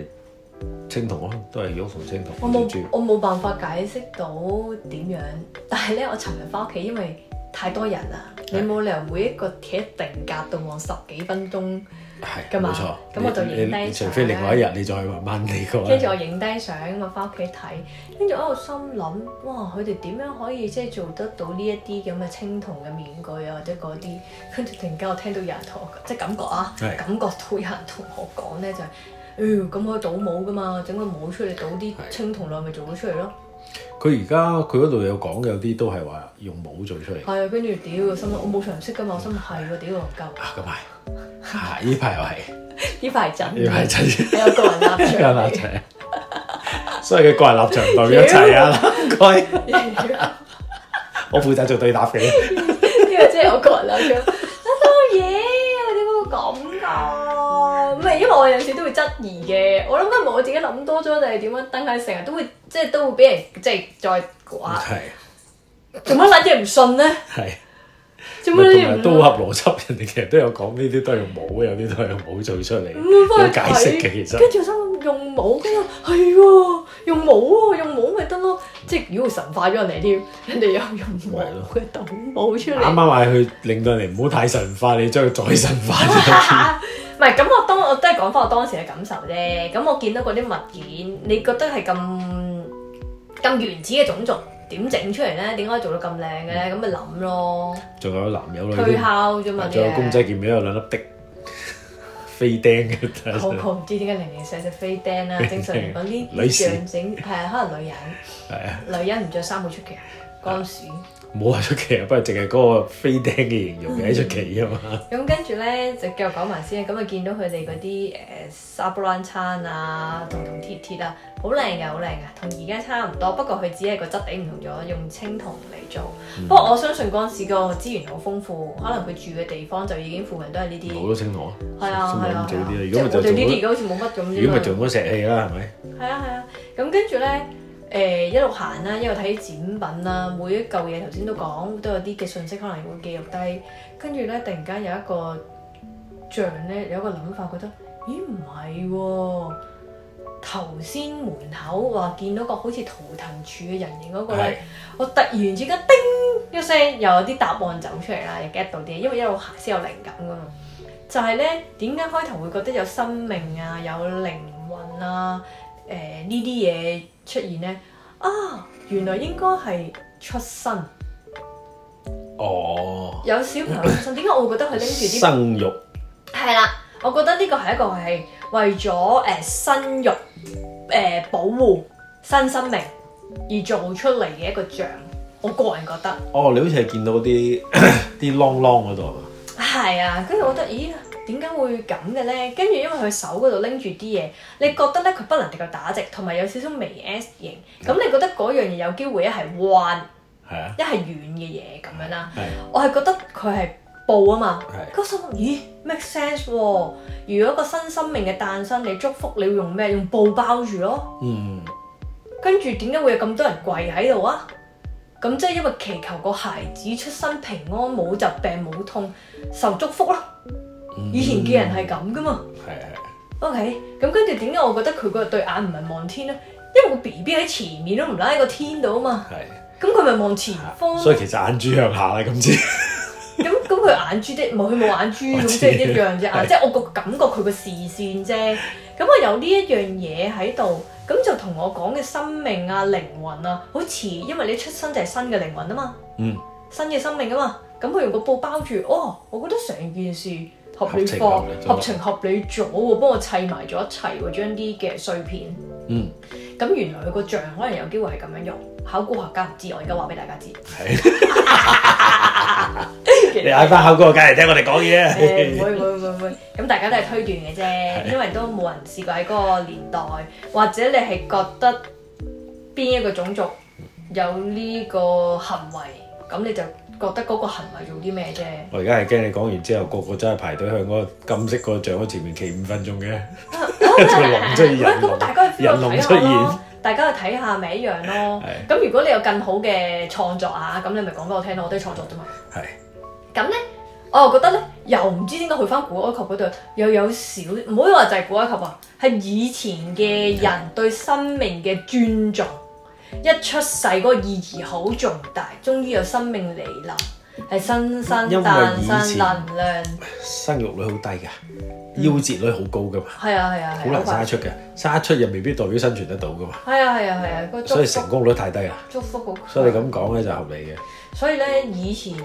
Speaker 2: 青銅咯，都係玉同青銅。我
Speaker 1: 冇，我冇辦法解釋到點樣，但係咧，我尋日返屋企，因為太多人啦，你冇理由每一個鐵定格到我十幾分鐘。係，冇錯。咁我就影低。除非另外一日
Speaker 2: 你再問你個。跟住我
Speaker 1: 影低相，我翻屋企睇，跟住我度心諗，哇！佢哋點樣可以即係做得到呢一啲咁嘅青銅嘅面具啊，或者嗰啲？跟住突然間我聽到有人同我即係感覺啊，的感覺到有人同我講咧，就係、是，哎、呃、喲！咁可以倒模噶嘛，整個模出嚟倒啲青銅落、啊，咪做咗出嚟咯。
Speaker 2: 佢而家佢嗰度有講嘅有啲都係話用模做出
Speaker 1: 嚟。係啊，跟住屌，心諗我冇常識噶嘛，我心諗係喎，屌唔夠。咁
Speaker 2: 係。嗯啊。哈！呢排又係
Speaker 1: 呢排真，呢排
Speaker 2: 真，係我個人立場，個人立場，所以佢個人立場唔代表一切啊，應該。我負責做對答嘅，
Speaker 1: 呢個真係我個人立場。乜嘢啊？點解會咁噶？唔係因為我有陣時都會質疑嘅。我諗緊，係咪我自己諗多咗，定係點樣？等下成日都會即係都會俾人即係再刮。係做乜諗住唔信咧？係。同埋都好
Speaker 2: 合邏輯，人哋其實都有講呢啲都係用帽，有啲都係用帽做出嚟， 有解釋嘅其實。跟住我
Speaker 1: 心諗用帽，跟住係喎，用帽喎、啊，用帽咪得咯。 即係如果神化咗人哋添，人哋又用帽嘅鬥帽出嚟。啱啱
Speaker 2: 話佢令到你唔好太神化，你將佢再神化。 唔
Speaker 1: 係，咁我當我都係講翻我當時嘅感受啫。咁我見到嗰啲物件，你覺得係咁咁原始嘅種族？點整出嚟咧？點解做到咁靚嘅咧？咁咪諗咯。
Speaker 2: 仲有男友女？推敲啫嘛，仲有公仔見面，有兩粒的 飛釘嘅。我唔
Speaker 1: 知點解年年寫只飛釘啦、啊，釘正常嚟講嗰啲女相整係可能女人。係啊，女人唔着衫好出奇，嗰陣時、啊。
Speaker 2: 冇話出奇啊，不過淨係嗰個飛釘嘅形容嘅喺出奇啊嘛。咁
Speaker 1: 跟住咧就繼續講埋先啊。咁啊見到佢哋嗰啲誒沙布蘭餐啊同同鐵鐵啊，好靚嘅好靚嘅，同而家差唔多。不過佢只係個質地唔同咗，用青銅嚟做。不過我相信嗰時個資源好豐富，可能佢住嘅地方就已經附近都係呢啲。好多
Speaker 2: 青銅啊！係啊係啊！如果我做呢啲而家好
Speaker 1: 似冇乜咁。如果唔做咗石器啦，係咪？係啊係啊。咁跟住咧。誒一路行啦，一路睇展品啦，每一嚿嘢頭先都講，都有啲嘅信息可能會記錄低。跟住咧，突然間有一個像咧，有一個諗法，覺得咦唔係喎，頭先門口話見到個好似圖騰柱嘅人形嗰個咧，的我突然之間叮一聲，又有啲答案走出嚟啦，又 get 到啲，因為一路行先有靈感噶嘛。就係咧，點解開頭會覺得有生命啊，有靈魂啊，誒呢啲嘢？出現咧啊、哦，原來應該係出生。
Speaker 2: 哦，有小朋友出
Speaker 1: 生，點解我會覺得佢拎住啲生育？係啦，我覺得呢個係一個係為咗誒、呃、生育誒、呃、保護新生，生命而做出嚟嘅一個像。我個人覺得。
Speaker 2: 哦，你好似係見到啲啲啷啷嗰度係
Speaker 1: 嘛？係啊，跟住我覺得咦～點解會咁嘅咧？跟住因為佢手嗰度拎住啲嘢，你覺得咧佢不能夠打直，同埋有少少微 S 型。咁你覺得嗰樣嘢有機會一係彎，一係軟嘅嘢咁樣啦。的我係覺得佢係布啊嘛。嗰心的咦 make sense、哦、如果一個新生命嘅誕生，你祝福，你會用咩？用布包住咯。跟住點解會有咁多人跪喺度啊？咁即係因為祈求個孩子出生平安，冇疾病冇痛，受祝福咯。以前嘅人係咁噶嘛？係係的。O K，咁跟住點解我覺得佢個對眼唔係望天咧？因為個 B B 喺前面都唔拉喺個天度啊嘛。係的。咁佢咪望前方，啊。所
Speaker 2: 以其實眼珠向下啦，今次。
Speaker 1: 咁咁佢眼珠的，唔係佢冇眼珠，咁即係一樣啫。即係的我個感覺佢個視線啫。咁 我有呢一樣嘢喺度，咁就同我講嘅生命啊、靈魂啊，好似因為你出生就係新嘅靈魂啊嘛。
Speaker 2: 嗯。
Speaker 1: 新嘅生命啊嘛，咁佢用個布包住，哦，我覺得成件事。合理化、合情合理咗，幫我砌埋咗一齊喎，將啲嘅碎片。嗯，咁原來佢個像可能有機會係咁樣用。考古學家唔知，我而家話俾大家知。你嗌返考
Speaker 2: 古學家嚟聽我哋講嘢啊？誒、欸，唔會
Speaker 1: 唔會唔會，咁大家都係推斷嘅啫，是因為都冇人試過喺嗰個年代，或者你係覺得邊一個種族有呢個行為，咁你就。覺得嗰個行為做啲咩啫？
Speaker 2: 我而家係驚你講完之後，個個真係排隊向嗰個金色個像喺前面企五分鐘嘅，
Speaker 1: 嗯、 人龍出現。咁大家去睇下咯？大家去睇下咪一樣咯，啊。咁的如果你有更好嘅創作啊，咁你咪講俾我聽咯。我都創作啫嘛。係的。咁咧，我又覺得咧，又唔知點解去返古埃及嗰度又有少，唔好以話就係古埃及啊，係以前嘅人對生命嘅尊重。嗯一出世嗰個意義好重大，終於有生命嚟臨，係新生誕生能量。
Speaker 2: 生育率好低㗎，夭折率好高噶嘛，係啊
Speaker 1: 係啊，好難生得出
Speaker 2: 嘅，生得出又未必代表生存得到噶嘛。係啊係啊
Speaker 1: 係啊，所以成
Speaker 2: 功率太低啊。祝福
Speaker 1: 個，所以你咁講咧就合理嘅。所以咧以前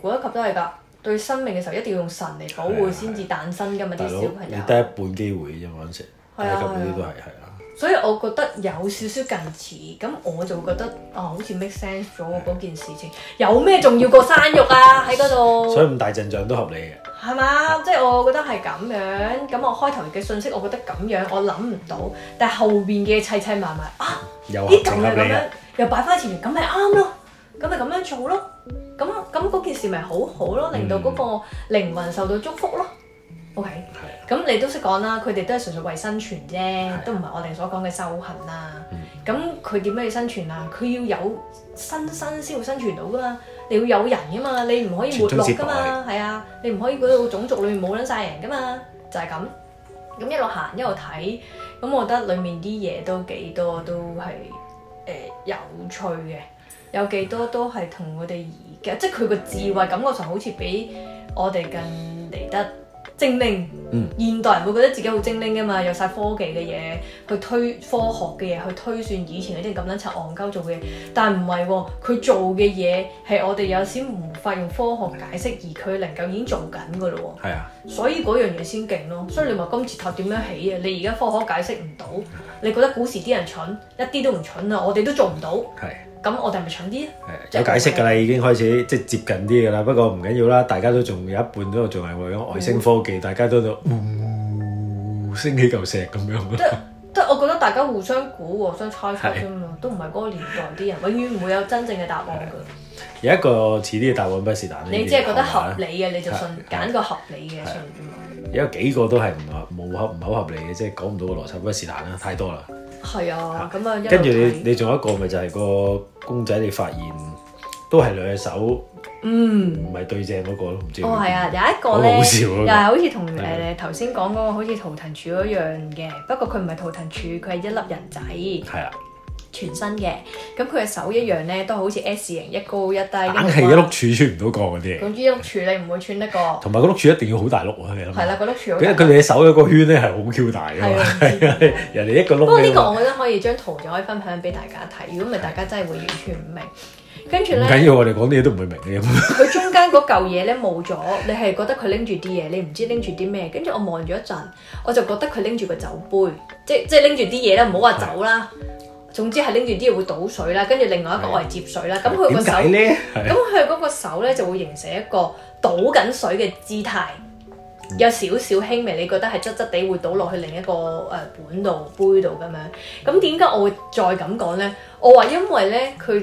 Speaker 1: 古埃及都係㗎，對生命嘅時候一定要用神嚟保護先至誕生㗎嘛啲小朋友。你得一
Speaker 2: 半機會啫嘛，當時埃及嗰啲都係係。
Speaker 1: 所以我覺得有少少近似，咁我就覺得啊、嗯哦，好似 make sense 咗嗰、嗯、件事情。有咩仲要過生肉啊？喺嗰度，所以咁大
Speaker 2: 陣仗都合理
Speaker 1: 嘅。係嘛？即、就、係、是、我覺得係咁樣。咁我開頭嘅信息，我覺得咁樣我諗唔到。但係後邊嘅砌砌埋埋啊，
Speaker 2: 呢度係咁樣，
Speaker 1: 又擺翻前面，咁咪啱咯。咁咪咁樣做咯。咁咁嗰件事咪好好咯，令到嗰個靈魂受到祝福咯。O K、嗯。Okay? 咁你都識講啦，佢哋都係純粹為生存啫，的都唔係我哋所講嘅修行啦。咁佢點樣去生存啊？佢、嗯、要有新生先會生存到噶嘛？你要有人噶嘛？你唔可以沒落噶嘛？係啊，你唔可以嗰度種族裏面冇撚晒人噶嘛？就係、是、咁。咁一路行一路睇，咁我覺得裏面啲嘢都幾多都，都係誒有趣嘅。有幾多都係同我哋而家，嗯、即係佢個智慧感覺上好似比我哋更嚟得。嗯精靈，現代人會覺得自己好精靈㗎嘛，有晒科技嘅嘢去推科學嘅嘢去推算以前嗰啲咁撚柒戇鳩做嘅嘢，但唔係喎，佢做嘅嘢係我哋有時無法用科學解釋，而佢能夠已經做緊噶咯喎。係啊，所以嗰樣嘢先勁咯。所以你話金字塔點樣起嘅，你而家科學解釋唔到，你覺得古時啲人蠢，一啲都唔蠢都啊，我哋都做唔到。係。咁我哋咪蠢啲有解釋㗎啦，
Speaker 2: 已經開始即係接近啲㗎啦。不過唔緊要啦，大家都仲有一半都仲係為咗外星科技，大家都就升起嚿石咁樣。即即我覺得大家互相估、互相猜測啫嘛，都唔係嗰個年代啲人，永遠
Speaker 1: 唔會有真
Speaker 2: 正嘅答案㗎。有一個似啲答案不是但，你只係覺得合理嘅你就信，揀個合理嘅信啫嘛。有幾個都係唔合冇合唔係合理嘅，即係講唔到個邏輯不是但啦，太多啦。
Speaker 1: 係啊，咁啊，跟住你
Speaker 2: 你仲有一個咪就係個公仔，你發現都係兩隻手，嗯，唔係對正嗰、嗰個咯，唔知有有哦，係啊，有一個咧好笑咯，又係好似同誒
Speaker 1: 頭先講嗰個好似圖騰柱一樣嘅，啊、不過佢唔係圖騰柱，佢係一粒人仔，係啊。全新嘅，咁佢嘅手一樣咧，都好似 S 型一高一低。硬係但 後一碌
Speaker 2: 柱穿唔到過嗰啲。總
Speaker 1: 之一碌柱你唔會穿得過。
Speaker 2: 同埋個碌柱一定要好大碌啊！係啦，個碌柱。因為佢哋嘅手嗰個圈咧係好 Q 大嘛，係啊的，的人哋一個碌。不過呢個我覺
Speaker 1: 得 可以將圖就可以分享俾大家睇，如果唔係大家真係會完全唔明。跟住咧，唔緊要，我
Speaker 2: 哋講啲嘢都唔會明嘅。
Speaker 1: 佢 中間嗰嚿嘢咧冇咗，你係覺得佢拎住啲嘢，你唔知拎住啲咩？跟住我望咗一陣，我就覺得佢拎住個酒杯，即係即係拎住啲嘢咧，唔好話走啦。總之係拎住啲嘢會倒水啦，跟住另外一個我係接水啦。咁佢的個手，咁佢嗰個手咧就會形成一個倒緊水嘅姿態，有少少輕微。你覺得係質質地會倒落去另一個誒碗度、杯度咁樣。咁點解我會再咁講咧？我話因為咧佢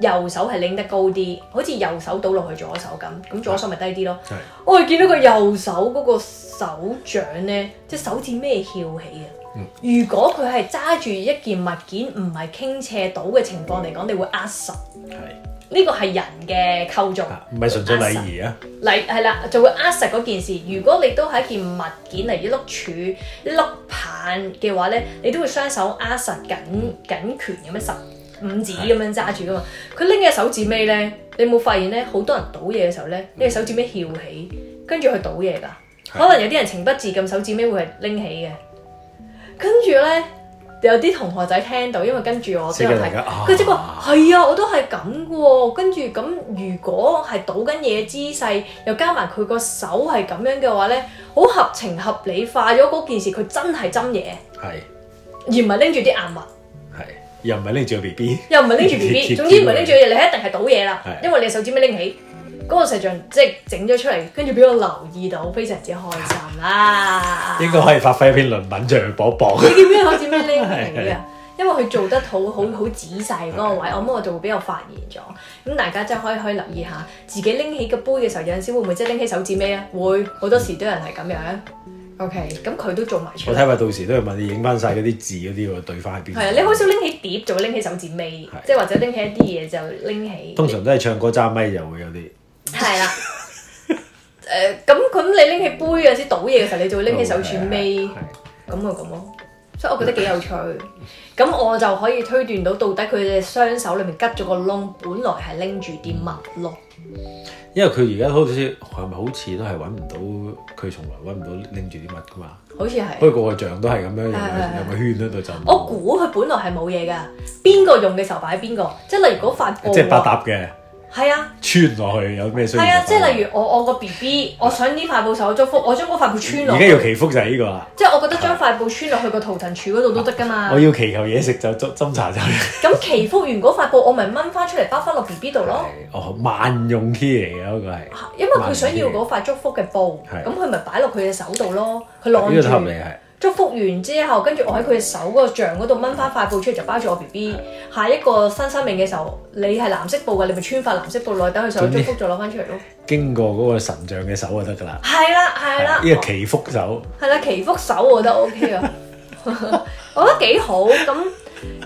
Speaker 1: 右手係拎得高啲，好似右手倒落去左手咁，咁左手咪低啲咯。的我係見到佢右手嗰個手掌咧，隻手指咩翹起啊！如果佢係揸住一件物件唔係傾斜倒嘅情況嚟講，你會握實。係呢的個係人嘅構造，
Speaker 2: 唔係純粹禮儀啊。
Speaker 1: 禮係啦，就會握實嗰件事。如果你都係一件物件嚟，一碌柱、一碌棒嘅話咧，你都會雙手握實緊緊拳咁樣十五指咁樣揸住噶嘛。佢拎嘅手指尾咧，你有冇發現咧？好多人倒嘢嘅時候咧，呢個手指尾翹起，跟住去倒嘢噶。的的可能有啲人情不自禁手指尾會係拎起嘅。跟住咧，有啲同學仔聽到，因為跟住我即係佢即係，係啊，啊，我都係咁嘅喎。跟住咁，如果係倒緊嘢嘅姿勢，又加埋佢個手係咁樣嘅話咧，好合情合理化咗嗰件事。佢真係斟嘢，係是而唔係拎住啲硬物，係
Speaker 2: 又唔係拎住 BB，又唔係拎住 BB。 總之唔係拎住嘢，
Speaker 1: 你一定係倒嘢啦，是因為你手指尾拎起。嗰個石像即係整咗出嚟，跟住比我留意到，非常之開心啦、
Speaker 2: 啊！應該可以發揮一篇論文，著著噃噃。你啲杯好似
Speaker 1: 咩拎起啊？因為佢做得好好好仔細嗰個位，Okay. 我咁我就會比較發現咗。咁大家真係可以可以留意下，自己拎起個杯嘅時候有陣時會唔會即係拎起手指尾啊？會好多時都有人係咁樣。OK，咁佢都做埋出嚟。我睇法
Speaker 2: 到時都係問你影翻晒嗰啲字嗰啲喎，對翻喺邊？係
Speaker 1: 啊，你好少拎起碟，就會拎起手指尾，okay, 即係或者拎起一啲嘢就拎起。
Speaker 2: 通常都係唱歌揸咪，就會有啲。係
Speaker 1: 啦，誒，咁咁你拎起杯有時倒嘢嘅時候，你就會拎起手串尾，咁啊咁咯，所以我覺得幾有趣。咁我就可以推斷到到底佢哋雙手裏面拮咗個窿，本來係拎住啲物咯。因
Speaker 2: 為佢而家好似係咪好似都係揾唔到，佢從來揾唔到拎住啲物噶嘛。好似係，不過個像，是像個個都係咁樣，又咪圈喺度就。 我
Speaker 1: 估佢本來係冇嘢噶，邊個用嘅時候擺邊個，即係例如嗰塊即係八搭嘅。係啊，
Speaker 2: 穿落去有咩需要？係啊，即係例如
Speaker 1: 我我個 B B，我想呢塊布受祝福，我將嗰塊布穿落。而家要
Speaker 2: 祈福就係呢個啦。
Speaker 1: 即係我覺得將塊布穿落去個圖騰柱嗰度都得噶嘛、啊。我要
Speaker 2: 祈求嘢食就斟茶就。
Speaker 1: 咁 祈福完嗰塊布，我咪掹翻出嚟包翻落 B B 度咯、
Speaker 2: 啊。哦，萬用 key 嚟嘅嗰個係。因為佢想要嗰
Speaker 1: 塊祝福嘅布，咁佢咪擺落佢嘅手度咯，佢攞住。這祝福完之後，跟住我喺佢手個像嗰度掹翻塊布出嚟，就包住我 B B 的下一個新生命嘅時候，你係藍色布嘅，你咪穿翻藍色布來等佢上手祝福，再攞翻出
Speaker 2: 嚟咯，經過嗰個神像嘅手就得㗎啦。係
Speaker 1: 啦，係啦，呢個
Speaker 2: 祈福手
Speaker 1: 係啦、哦，祈福手我覺得 O K 啊， 我覺得幾好。咁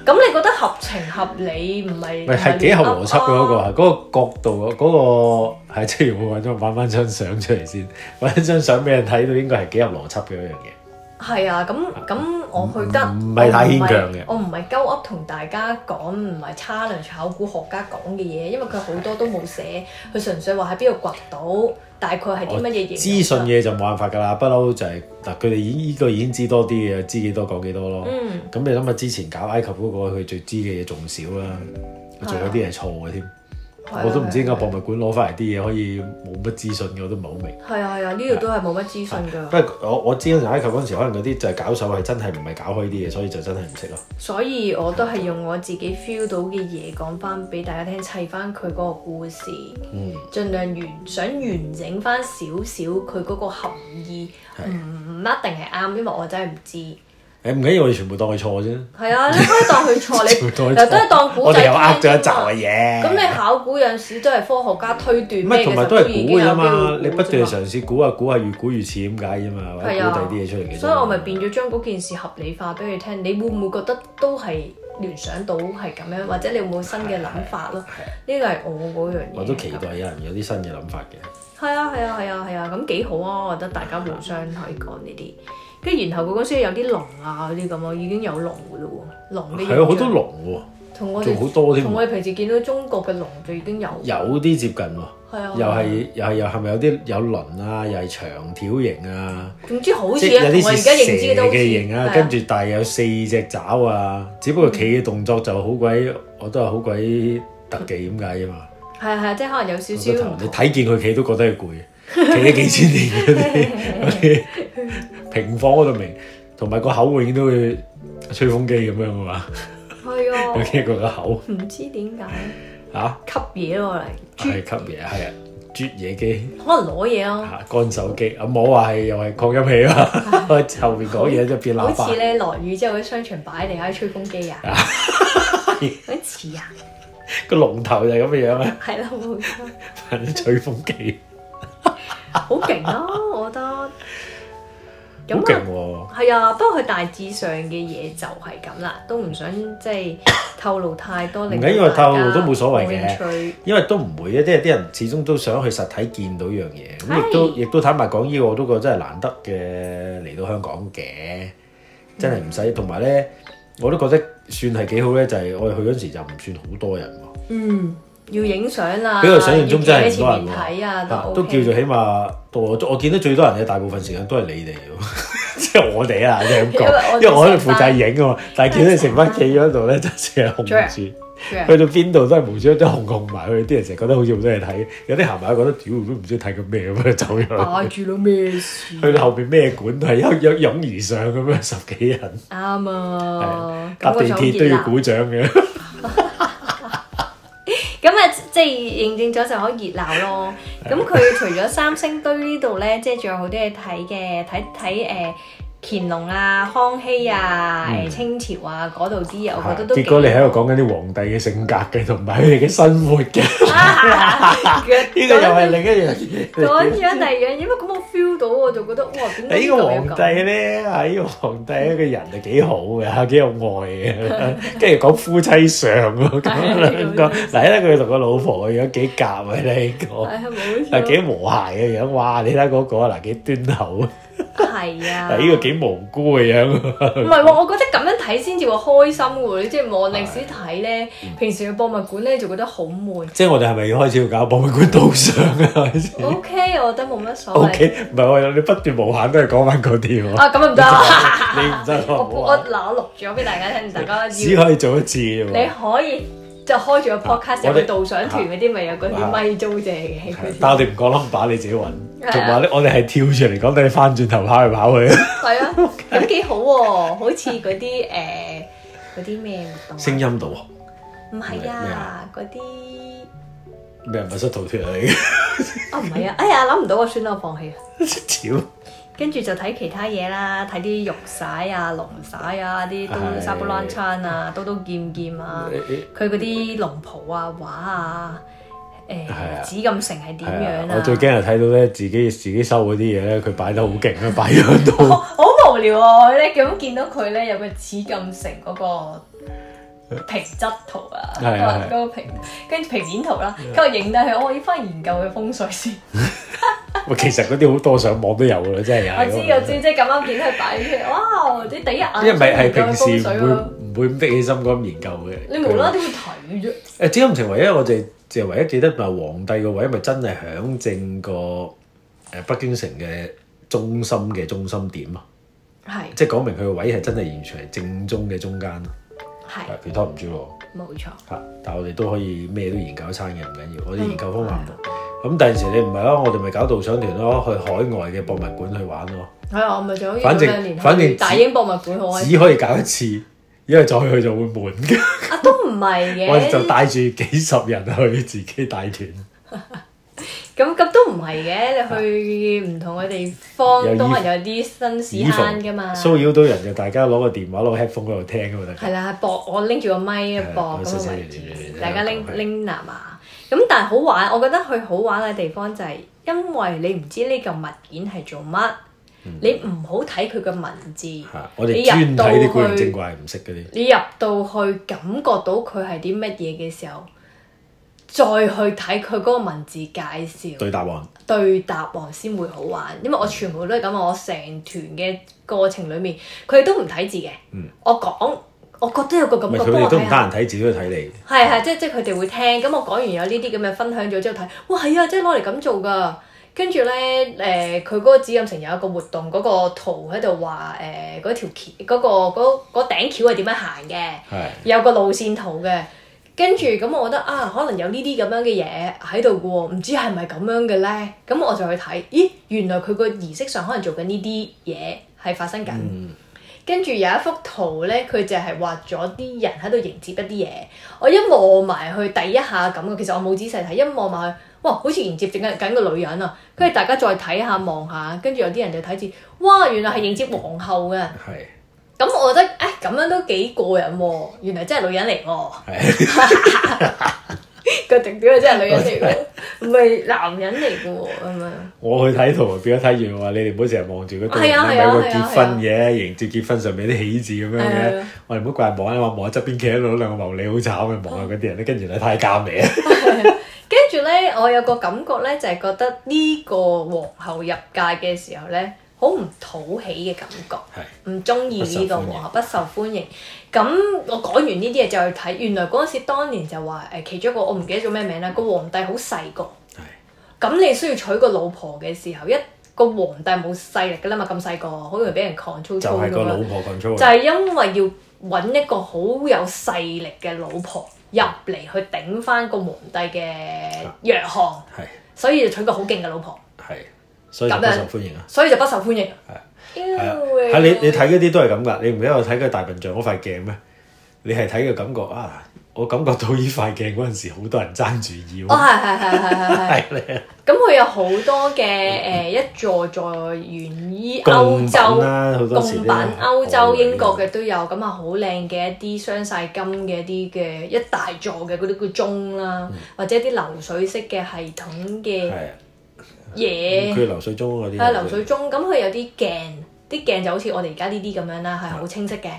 Speaker 1: 咁，你覺得合情合理唔係？唔係幾合邏輯嘅
Speaker 2: 嗰個嗰、啊、個角度啊、嗰個，嗰、嗰個係即係我揾咗揾翻張相出嚟先，揾翻張相俾人睇到，應該係幾合邏輯嘅一樣嘢。
Speaker 1: 係啊，咁咁我去得，嗯、唔係太牽強嘅我唔係，我唔係鳩噏同大家講，唔係差佬考古學家講嘅嘢，因為佢好多都冇寫，佢純粹話喺邊度掘到，大概係啲乜嘢嘢。出資訊
Speaker 2: 嘢就冇辦法㗎啦，不嬲就係、是、嗱，佢哋依個已經知多啲嘅，知幾多講幾多咯。咁、嗯、你諗下之前搞埃及嗰、嗰個，佢最知嘅嘢仲少啦，佢仲、嗯、有啲係錯嘅添。我都唔知點解博物館攞翻嚟啲嘢可以冇乜資訊嘅，我都唔
Speaker 1: 係好明。係啊係啊，呢度都係冇乜資訊㗎。因
Speaker 2: 為、啊、我我知緊就埃及嗰陣時，可能嗰啲就係搞手，係真係唔係搞開啲嘢，所以就真係唔識咯。
Speaker 1: 所以我都係用我自己 feel 到嘅嘢講翻俾大家聽，砌翻佢嗰個故事，嗯、盡量完想完整翻少少佢嗰個含義，唔唔的、嗯、一定係啱，因為我真係唔知。
Speaker 2: 誒唔緊要，我哋全部當佢錯啫。係啊，你
Speaker 1: 可以當佢錯，你又都
Speaker 2: 係呃咗一集嘅嘢。咁你
Speaker 1: 考古有時都係科學家推斷咩嘅，同埋都係估嘅嘛。
Speaker 2: 你不斷嘗試估下估下，越估越似點解啫嘛？估第啲嘢出嚟其實。所以我
Speaker 1: 咪變咗將嗰件事合理化俾你聽，你會唔會覺得都係聯想到係咁樣，或者你有冇新嘅諗法咯？呢個係我嗰樣嘢。我都期
Speaker 2: 待有人有啲新嘅諗法嘅。
Speaker 1: 係啊係啊係啊係啊，咁幾好啊！我覺得大家互相可以講呢啲。跟住，然後嗰本書有啲
Speaker 2: 龍啊嗰啲咁咯，已經有龍
Speaker 1: 噶嘞喎，龍嘅形象，好多龍喎、啊，同我哋好多添、啊。同我哋平時見到中國嘅龍就已經
Speaker 2: 有。有啲接近喎，又係又係又係咪有啲有輪啊？又係長條形啊？
Speaker 1: 總之好似我而家認知嘅都形啊。啊跟住
Speaker 2: 但係有四隻爪啊，只不過企嘅動作就好鬼，我都係好鬼特技咁解啊嘛。係啊係啊，即係可能
Speaker 1: 有少少同你睇
Speaker 2: 見佢企都覺得係攰，企咗幾千年嗰啲啲平房嗰度明，同埋個口永遠都會吹風機咁樣啊嘛，
Speaker 1: 係啊，尤其
Speaker 2: 是個口，唔知點解嚇吸嘢喎嚟，係吸嘢係啊，啜嘢機，
Speaker 1: 可能攞嘢咯，
Speaker 2: 乾手機啊，冇話係又係擴音器 啊，後面講嘢就變喇叭，好似咧
Speaker 1: 落雨之後喺商場擺定喺吹風機啊，
Speaker 2: 似啊，個 龍頭就係咁嘅樣啊，係咯，吹風機。
Speaker 1: 好勁咯，我覺得。
Speaker 2: 勁喎。
Speaker 1: 係啊，不過佢大致上嘅嘢就係咁啦，都唔想即係、就是、透露太多。唔緊要，話透露都冇所謂嘅，
Speaker 2: 因為都唔會嘅，即係啲人始終都想去實體見到一樣嘢。咁、嗯、亦都亦都坦白講，呢個我都覺得真係難得嘅嚟到香港嘅，真係唔使。同埋咧，我都覺得算係幾好咧，就係、是、我哋去嗰時就唔算好多人喎。
Speaker 1: 嗯。要影相啦，比我想像中真係唔多人睇啊，
Speaker 2: 都叫做起碼到我我見到最多人嘅大部分時間都係你哋，即係我哋啊，即係咁講。因為我喺度負責影啊，但係見到你成班企喺度咧，就成日紅住。去到邊度都係無端端紅紅埋去。啲人成日覺得好似好多嘢睇，有啲行埋覺得屌都唔知睇緊咩咁樣走咗。睇住到咩事？去到後面咩館都係一擁而上咁樣十幾人。
Speaker 1: 啱啊！搭地鐵都要鼓掌嘅。即係認證咗就可以熱鬧咯。咁佢除咗三星堆呢度咧，即係仲有好多嘢睇嘅，睇睇誒。乾隆啊、康熙啊、清朝啊嗰度啲，我覺得都結果你喺度
Speaker 2: 講緊啲皇帝嘅性格嘅，同埋佢哋嘅生活嘅。呢個又係另一樣，另一樣嚟嘅，點解咁冇 feel
Speaker 1: 到，我就覺得哇！點解呢個皇帝
Speaker 2: 咧，喺呢個皇帝，個人係幾好嘅，幾有愛嘅。跟住講夫妻相啊，講兩個，第一咧佢同個老婆嘅樣幾夾啊，你講係幾和諧嘅樣，哇！你睇下嗰個嗱幾端口。係啊！睇個幾無辜嘅樣，唔係
Speaker 1: 喎， 我覺得咁樣睇先至會開心嘅喎，你即係望歷史睇咧，啊、平時去博物館咧就覺得好悶。嗯、
Speaker 2: 即係我哋係咪要開始要搞博物館導賞啊 ？O、okay,
Speaker 1: K，我覺得冇乜
Speaker 2: 所謂。O K，唔係我你不斷無限都係講翻嗰啲喎。啊，咁啊唔得，我我我我錄咗俾大家聽，
Speaker 1: 大家。只可以
Speaker 2: 做一次。你
Speaker 1: 可以。就開住個 podcast，去導賞團嗰啲咪有嗰啲咪租借嘅。
Speaker 2: 但係我哋唔講 number，你自己揾。同埋咧，我哋係跳出嚟，講俾你翻轉頭跑嚟跑去。
Speaker 1: 係啊，咁幾好喎，好似嗰啲誒嗰啲咩活動？聲音導航。唔係啊，嗰啲。
Speaker 2: 咩密室逃脫啊？
Speaker 1: 啊唔係啊，哎呀諗唔到，我算啦，我放棄啊。屌！跟住就睇其他嘢啦，睇啲玉璽啊、龍璽啊、啲刀沙布朗餐啊、 刀刀劍劍啊，佢嗰啲龍袍啊、畫啊，誒紫禁城係點樣啊，啊？我最驚
Speaker 2: 係睇到咧，自己自己收嗰啲嘢咧，佢擺 得 好勁啊，擺樣都
Speaker 1: 好無聊啊！我咧咁見到佢咧有個紫禁城嗰、那個。平質圖啊，嗰個平跟住平面圖啦，佢話影低佢，我我要翻研究嘅風水先。
Speaker 2: 喂，其實嗰啲好多上網都有嘅，真係有。我知我
Speaker 1: 知，即係咁啱見佢擺出，哇！啲第一眼，因為唔係平時唔會
Speaker 2: 唔會咁啲起心肝研究嘅，你無啦啦會睇啫？誒，紫禁城唯一我哋就唯一記得嗱，皇帝個位咪真係響正個誒北京城嘅中心嘅中心點啊，係，即係講明佢個位係真係完全係正中嘅中間。係，配套唔住咯，冇錯。吓，但係我哋都可以咩都研究一餐嘅，唔緊要。我哋研究方法唔同。咁第陣時你唔係咯，我哋咪搞導賞團咯，去海外嘅博物館去玩咯。係啊，我咪
Speaker 1: 做好。反正，反正大英博物館好只可以
Speaker 2: 搞一次，因為再去就會悶㗎。啊，
Speaker 1: 都唔係嘅， 我哋就
Speaker 2: 帶住幾十人去自己帶團。
Speaker 1: 咁咁都唔係嘅，你去唔同嘅地方，都係有啲新事 happen 噶嘛。騷
Speaker 2: 擾到人就大家攞個電話攞個 headphone 嗰度聽咁就得。係
Speaker 1: 啦，播我拎住個咪一播嗰的大家拎拎啊嘛。咁但係好玩，我覺得去好玩嘅地方就係因為你唔知呢個物件係做乜，嗯、你唔好睇佢嘅文字。我哋專睇啲佢正
Speaker 2: 怪，唔識嗰啲。
Speaker 1: 你入到去感覺到佢係啲乜嘢嘅時候。再去睇佢嗰個文字介紹，對答案，對答案先會好玩。因為我全部都係咁。我成團嘅過程裏面，佢哋都唔睇字嘅。嗯，我講，我覺得都有個感覺，幫我睇下。
Speaker 2: 人睇字都睇你。
Speaker 1: 係係，即即佢哋會聽。咁我講完有呢啲咁嘅分享咗之後睇，哇係啊！即攞嚟咁做噶。跟住咧，誒佢嗰個紫禁城有一個活動，嗰個圖喺度話誒嗰條橋嗰個，呃嗰個，嗰嗰頂橋係點樣行嘅？係有個路線圖嘅。跟住咁，我覺得啊，可能有這這是是呢啲咁樣嘅嘢喺度嘅喎，唔知係咪咁樣嘅咧？咁我就去睇，咦，原來佢個儀式上可能做緊呢啲嘢係發生緊。嗯、跟住有一幅圖咧，佢就係畫咗啲人喺度迎接一啲嘢。我一望埋去，第一下咁嘅，其實我冇仔細睇，一望埋去，哇，好似迎接整緊緊個女人啊！跟住大家再睇下望下，看看跟住有啲人就睇住，哇，原來係迎接皇后嘅。嗯。咁我覺得誒咁、哎、樣都幾過癮喎，原來真係女人嚟喎，個定表又真係女人嚟嘅，唔係男人嚟嘅喎，係
Speaker 2: 咪？我去睇圖，表咗睇完話：你哋唔好成日望住嗰度，唔係為結婚嘅，啊啊啊、迎接結婚上面啲喜字咁樣嘅，啊、我哋唔好怪望啊嘛，望喺側邊企喺度，兩個無理好慘嘅，望下嗰啲人咧，跟住你太監你。 啊！
Speaker 1: 跟住咧，我有個感覺咧，就係覺得呢個皇后入界嘅時候咧。好唔討喜嘅感覺，唔中意呢度，不，個不受歡迎。咁、嗯、我講完呢啲嘢就去睇，原來嗰陣時當年就話誒、呃，其中一個我唔記得咗咩名啦，個皇帝好細個，咁的你需要娶個老婆嘅時候，一個皇帝冇勢力㗎啦嘛，咁細個好容易俾人抗操操。就係個老婆就係因為要搵一個好有勢力嘅老婆入嚟去頂翻個皇帝嘅弱項，的的所以就娶個好勁嘅老婆。
Speaker 2: 所以就不受歡迎啊！
Speaker 1: 所以就不受歡迎。
Speaker 2: 係，你你睇嗰啲都係咁㗎，你唔係一路睇嗰大笨象嗰塊鏡咩？你係睇個感覺啊！我感覺到呢塊鏡嗰陣時，好多人爭住要。哦，係係係係係。
Speaker 1: 咁佢有好多嘅誒一座座，原於歐洲，工品歐洲英國嘅都有，咁啊好靚嘅一啲雙晒金嘅一啲嘅一大座嘅嗰啲叫鐘啦，或者啲流水式嘅系統嘅，嘢，佢流
Speaker 2: 水鐘嗰啲，係流水
Speaker 1: 鐘咁，佢有啲鏡，啲鏡就好似我哋而家呢啲咁樣啦，係好清晰嘅。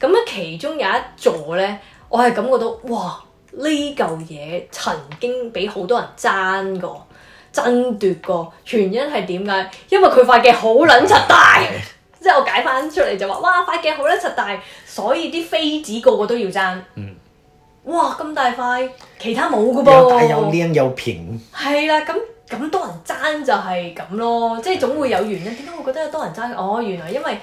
Speaker 1: 咁啊，其中有一座咧，我係感覺到哇，呢嚿嘢曾經俾好多人爭過、爭奪過，原因係點解？因為佢塊鏡好撚柒大，即係我解翻出嚟就話，哇，塊鏡好撚柒大，所以啲妃子個個都要爭。嗯，哇，咁大塊，其他冇嘅噃，又靚又平，係啦，咁。咁多人爭就係咁咯，即係總會有原因。點解我覺得有多人爭？哦，原來因為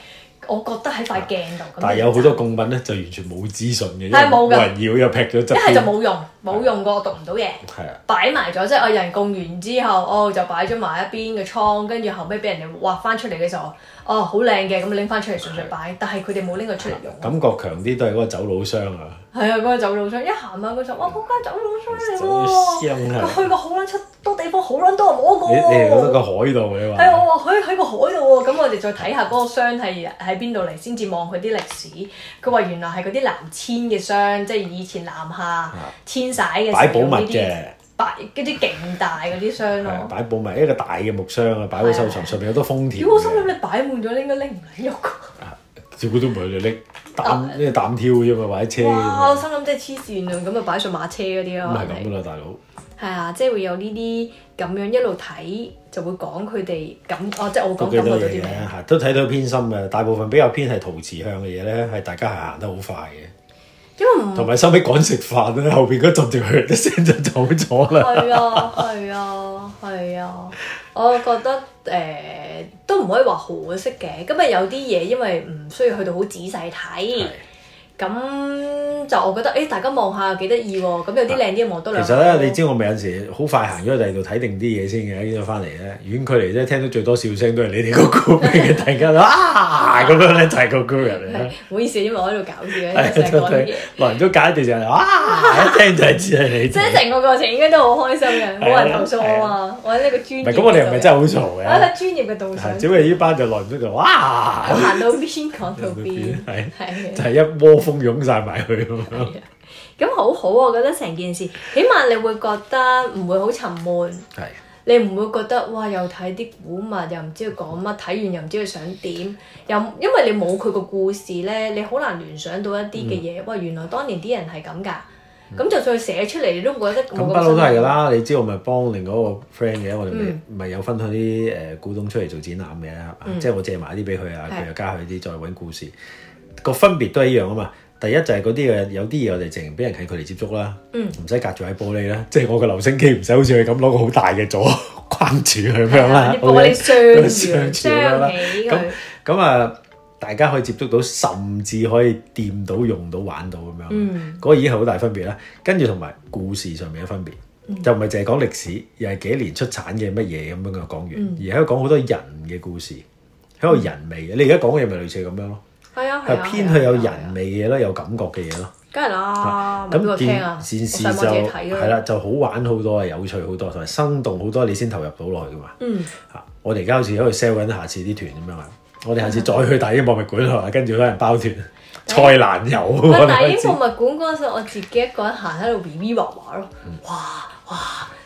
Speaker 1: 我覺得喺塊鏡度，但係有好多
Speaker 2: 供品咧，就完全冇資訊嘅，係冇嘅，冇人要又劈咗，一係就冇
Speaker 1: 用。冇用過，讀唔到嘢。係啊的，擺埋咗，即係我人供完之後，哦就擺咗埋一邊嘅倉，跟住後尾俾人哋挖翻出嚟嘅時候，哦好靚嘅，咁拎翻出嚟純粹擺，的但係佢哋冇拎佢出嚟用。
Speaker 2: 感覺強啲都係嗰個走佬箱啊！
Speaker 1: 係啊，嗰、嗰個走佬箱一行啊，佢就候哇，嗰、嗰個走佬箱嚟咯，佢去過好撚出多地方，好撚多人摸過喎。喺個
Speaker 2: 海度，你話係
Speaker 1: 啊，我話佢喺個海度喎，咁我哋再睇下嗰個箱係喺邊度嚟先至望佢啲歷史。佢話原來係嗰啲南遷嘅箱，即係以前南下的擺寶物嘅，擺啲勁大嗰啲箱咯。擺
Speaker 2: 寶物一個大嘅木箱啊，擺佢收藏上面好多封條。咦！我
Speaker 1: 心諗你擺滿咗，拎都拎唔甩喐。
Speaker 2: 照全部都唔係佢哋拎，咩擔挑嘅嘛，或者車。我
Speaker 1: 心諗即係黐線啊！咁啊，擺上馬車嗰啲啊。唔係咁噶啦，大佬。係啊，即係會有呢啲咁樣一路睇，就會講佢哋感哦，即係我講感覺啲
Speaker 2: 都睇到偏心嘅，大部分比較偏係陶瓷向嘅嘢咧，係大家係行得好快嘅。因為同埋收尾趕食飯咧，後邊嗰陣條血嘅聲就走咗啦。
Speaker 1: 係啊，係啊，係啊，我覺得誒、呃、都唔可以話可惜嘅。咁啊，有啲嘢因為唔需要去到好仔細睇。咁就我覺得，誒大家望下又幾得意喎。咁有啲
Speaker 2: 靚啲嘅望多兩。其實咧，你知我咪有時好快行咗去第二度睇定啲嘢先嘅，跟住翻嚟咧遠距離咧聽到最多笑聲都係你哋個 group 嘅，突然間啊，咁樣咧就係個 group 嚟啦。唔好意思，因為我喺度搞住咧
Speaker 1: 成日講嘢，來唔到隔一段時
Speaker 2: 間哇，一聽就係知係你。即係成個過程應該都好開心嘅，冇人投訴啊
Speaker 1: 嘛。我喺呢個專業。唔係咁，我哋係咪真係
Speaker 2: 好嘈嘅？我得專業嘅度
Speaker 1: 只不過呢班就耐唔
Speaker 2: 到就哇。行到邊講到邊，就係一窩。洶湧曬埋
Speaker 1: 去咁，好好啊！我覺得成件事，起碼你會覺得唔會好沉悶，係的你唔會覺得哇！又睇啲古物，又唔知佢講乜，睇完又唔知佢想點，又因為你冇佢個故事咧，你好難聯想到一啲嘅嘢。哇！原來當年啲人係咁㗎，咁、嗯、就算佢寫出嚟，你都覺得咁不嬲都係㗎啦。
Speaker 2: 你知道我咪幫另外一個 friend 嘅，我哋咪、嗯、有分享啲誒古董出嚟做展覽嘅、嗯啊，即係我借埋啲俾佢啊，佢又加佢啲再揾故事。個分別都係一樣啊嘛，第一就係嗰啲嘅有啲嘢我哋淨係俾人近距離接觸啦，唔使、嗯、隔住喺玻璃啦，即係我個留聲機唔使好似你咁攞個好大嘅座關住佢咁樣啦，玻璃相相起佢，咁咁啊，大家可以接觸到，甚至可以掂到、用到、玩到咁樣，嗰、嗯、個已經係好大分別啦。跟住同埋故事上面嘅分別，嗯、就唔係淨係講歷史，又係幾年出產嘅乜嘢咁樣嘅講完，嗯、而喺度講好多人嘅故事，喺度人味。嗯、你而家講嘅嘢咪類似咁樣咯？係啊，係偏去有人味嘅嘢咯，有感覺嘅嘢咯，梗
Speaker 1: 係啦。咁件件事就係啦，
Speaker 2: 就好玩好多，有趣好多，同埋生動好多，你先投入到落去噶嘛。嗯。嚇！我哋而家好似喺度 sell 緊下次啲團咁樣啊！我哋下次再去大英博物館啦，跟住可能包團。蔡瀾遊。哇！大英博物
Speaker 1: 館嗰陣，我自己一個人行喺度畫畫咯。哇哇！